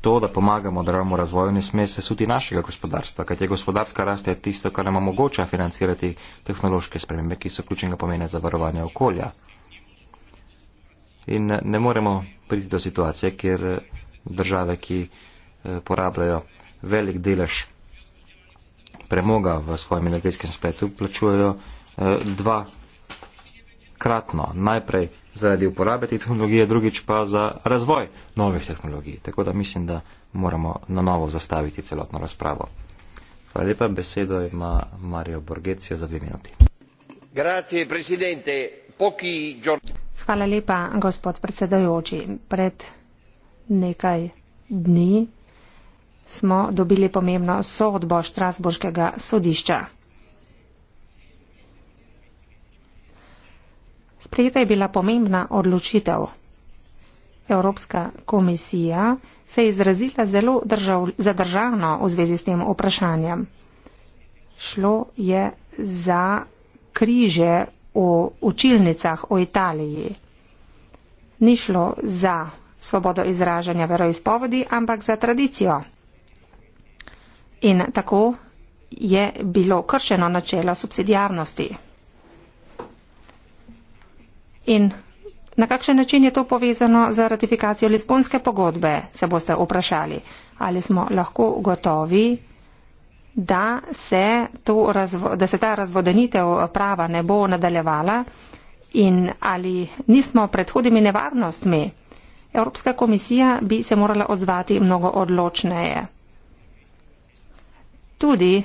To, da pomagamo državnemu razvoju, ne sme se suti našega gospodarstva, kajti gospodarska rast je tisto, kar nam omogoča financirati tehnološke spremembe, ki so ključnega pomena za varovanje okolja. In eh, ne moremo priti do situacije, kjer eh, države, ki eh, porabljajo velik delež premoga v svojem energetskem spletu, plačujejo dva kratno. Najprej zaradi uporabe te tehnologije, drugič pa za razvoj novih tehnologij. Tako da mislim, da moramo na novo zastaviti celotno razpravo. Hvala lepa, besedo ima Mario Borgecio za dve minuti. Grazie, Hvala lepa, gospod predsedajoči. Pred nekaj dni smo dobili pomembno sodbo Štrasburškega sodišča. Sprejeta je bila pomembna odločitev. Evropska komisija se je izrazila zelo držav, zadržano v zvezi s tem vprašanjem. Šlo je za križe v učilnicah v Italiji. Ni šlo za svobodo izražanja veroizpovedi, ampak za tradicijo. In tako je bilo kršeno načelo subsidijarnosti. In na kakšen način je to povezano z ratifikacijo Lisbonske pogodbe, se boste vprašali. Ali smo lahko gotovi, da se, razvo, da se ta razvodenitev prava ne bo nadaljevala in ali nismo pred hudimi nevarnostmi. Evropska komisija bi se morala odzvati mnogo odločneje. Tudi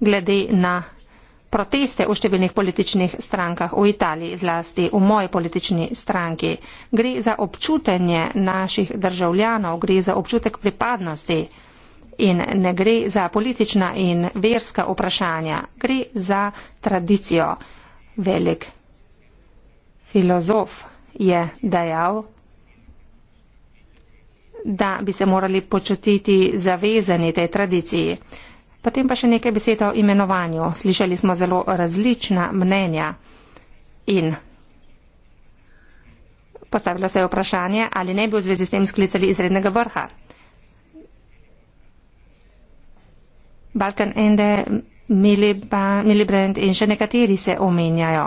glede na proteste v številnih političnih strankah v Italiji, zlasti v moji politični stranki, gre za občutenje naših državljanov, gre za občutek pripadnosti in ne gre za politična in verska vprašanja, gre za tradicijo. Velik filozof je dejal, da bi se morali počutiti zavezani tej tradiciji. Potem pa še nekaj besed o imenovanju. Slišali smo zelo različna mnenja in postavilo se je vprašanje, ali ne bi v zvezi s tem sklicali izrednega vrha. Balkan Ende, Milibrand in še nekateri se omenjajo.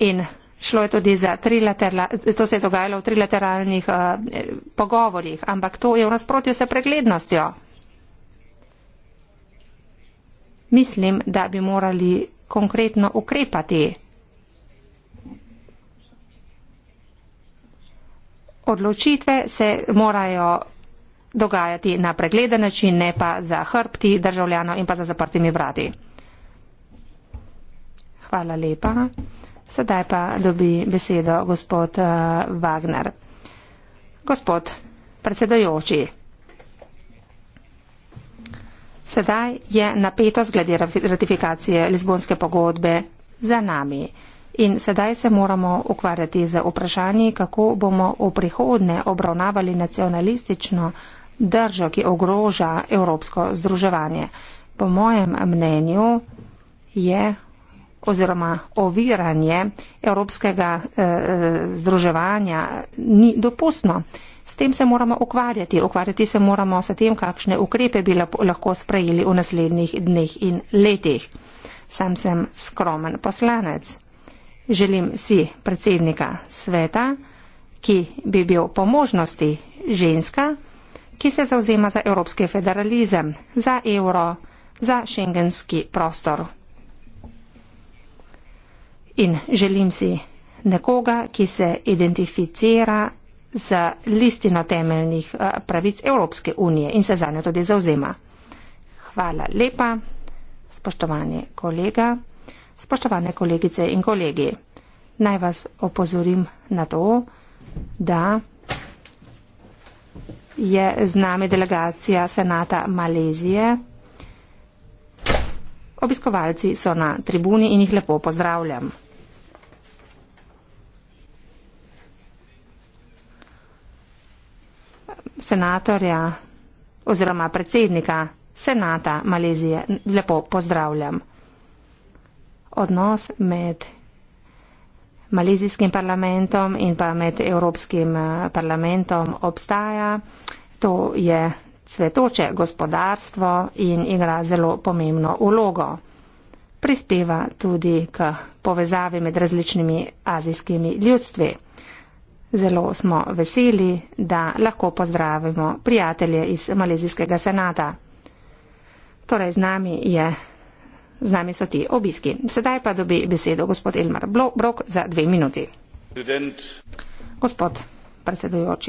In šlo je tudi za trilateralnih, to se je dogajalo v trilateralnih uh, pogovorjih, ampak to je v nasprotju s preglednostjo. Mislim, da bi morali konkretno ukrepati. odločitve se morajo dogajati na pregleden način, ne pa za hrbti državljano in pa za zaprtimi vrati. Hvala lepa. Sedaj pa dobi besedo gospod uh, Wagner. Gospod predsedojoči. Sedaj je napetost glede ratifikacije Lizbonske pogodbe za nami. In sedaj se moramo ukvarjati z vprašanji, kako bomo v prihodne obravnavali nacionalistično držo, ki ogroža evropsko združevanje. Po mojem mnenju je oziroma oviranje evropskega eh, eh, združevanja ni dopustno. S tem se moramo ukvarjati. Ukvarjati se moramo s tem, kakšne ukrepe bi lahko sprejeli v naslednjih dneh in letih. Sam sem skromen poslanec. Želim si predsednika sveta, ki bi bil po možnosti ženska, ki se zauzema za evropski federalizem, za evro, za šengenski prostor. In želim si nekoga, ki se identificira z listino temeljnih eh, pravic Evropske unije in se za njo tudi zauzema. Hvala lepa, spoštovani kolega spoštovane kolegice in kolegi. Naj vas opozorim na to, da je z nami delegacija Senata Malezije. Obiskovalci so na tribuni in jih lepo pozdravljam. Senatorja oziroma predsednika Senata Malezije lepo pozdravljam odnos med malezijskim parlamentom in pa med Evropskim eh, parlamentom obstaja. To je cvetoče gospodarstvo in igra zelo pomembno ulogo. Prispeva tudi k povezavi med različnimi azijskimi ljudstvi. Zelo smo veseli, da lahko pozdravimo prijatelje iz Malezijskega senata. Torej, z nami je z nami so ti obiski. Sedaj pa dobi besedo gospod Elmar Brok za dve minuti. Gospod predsedujoči,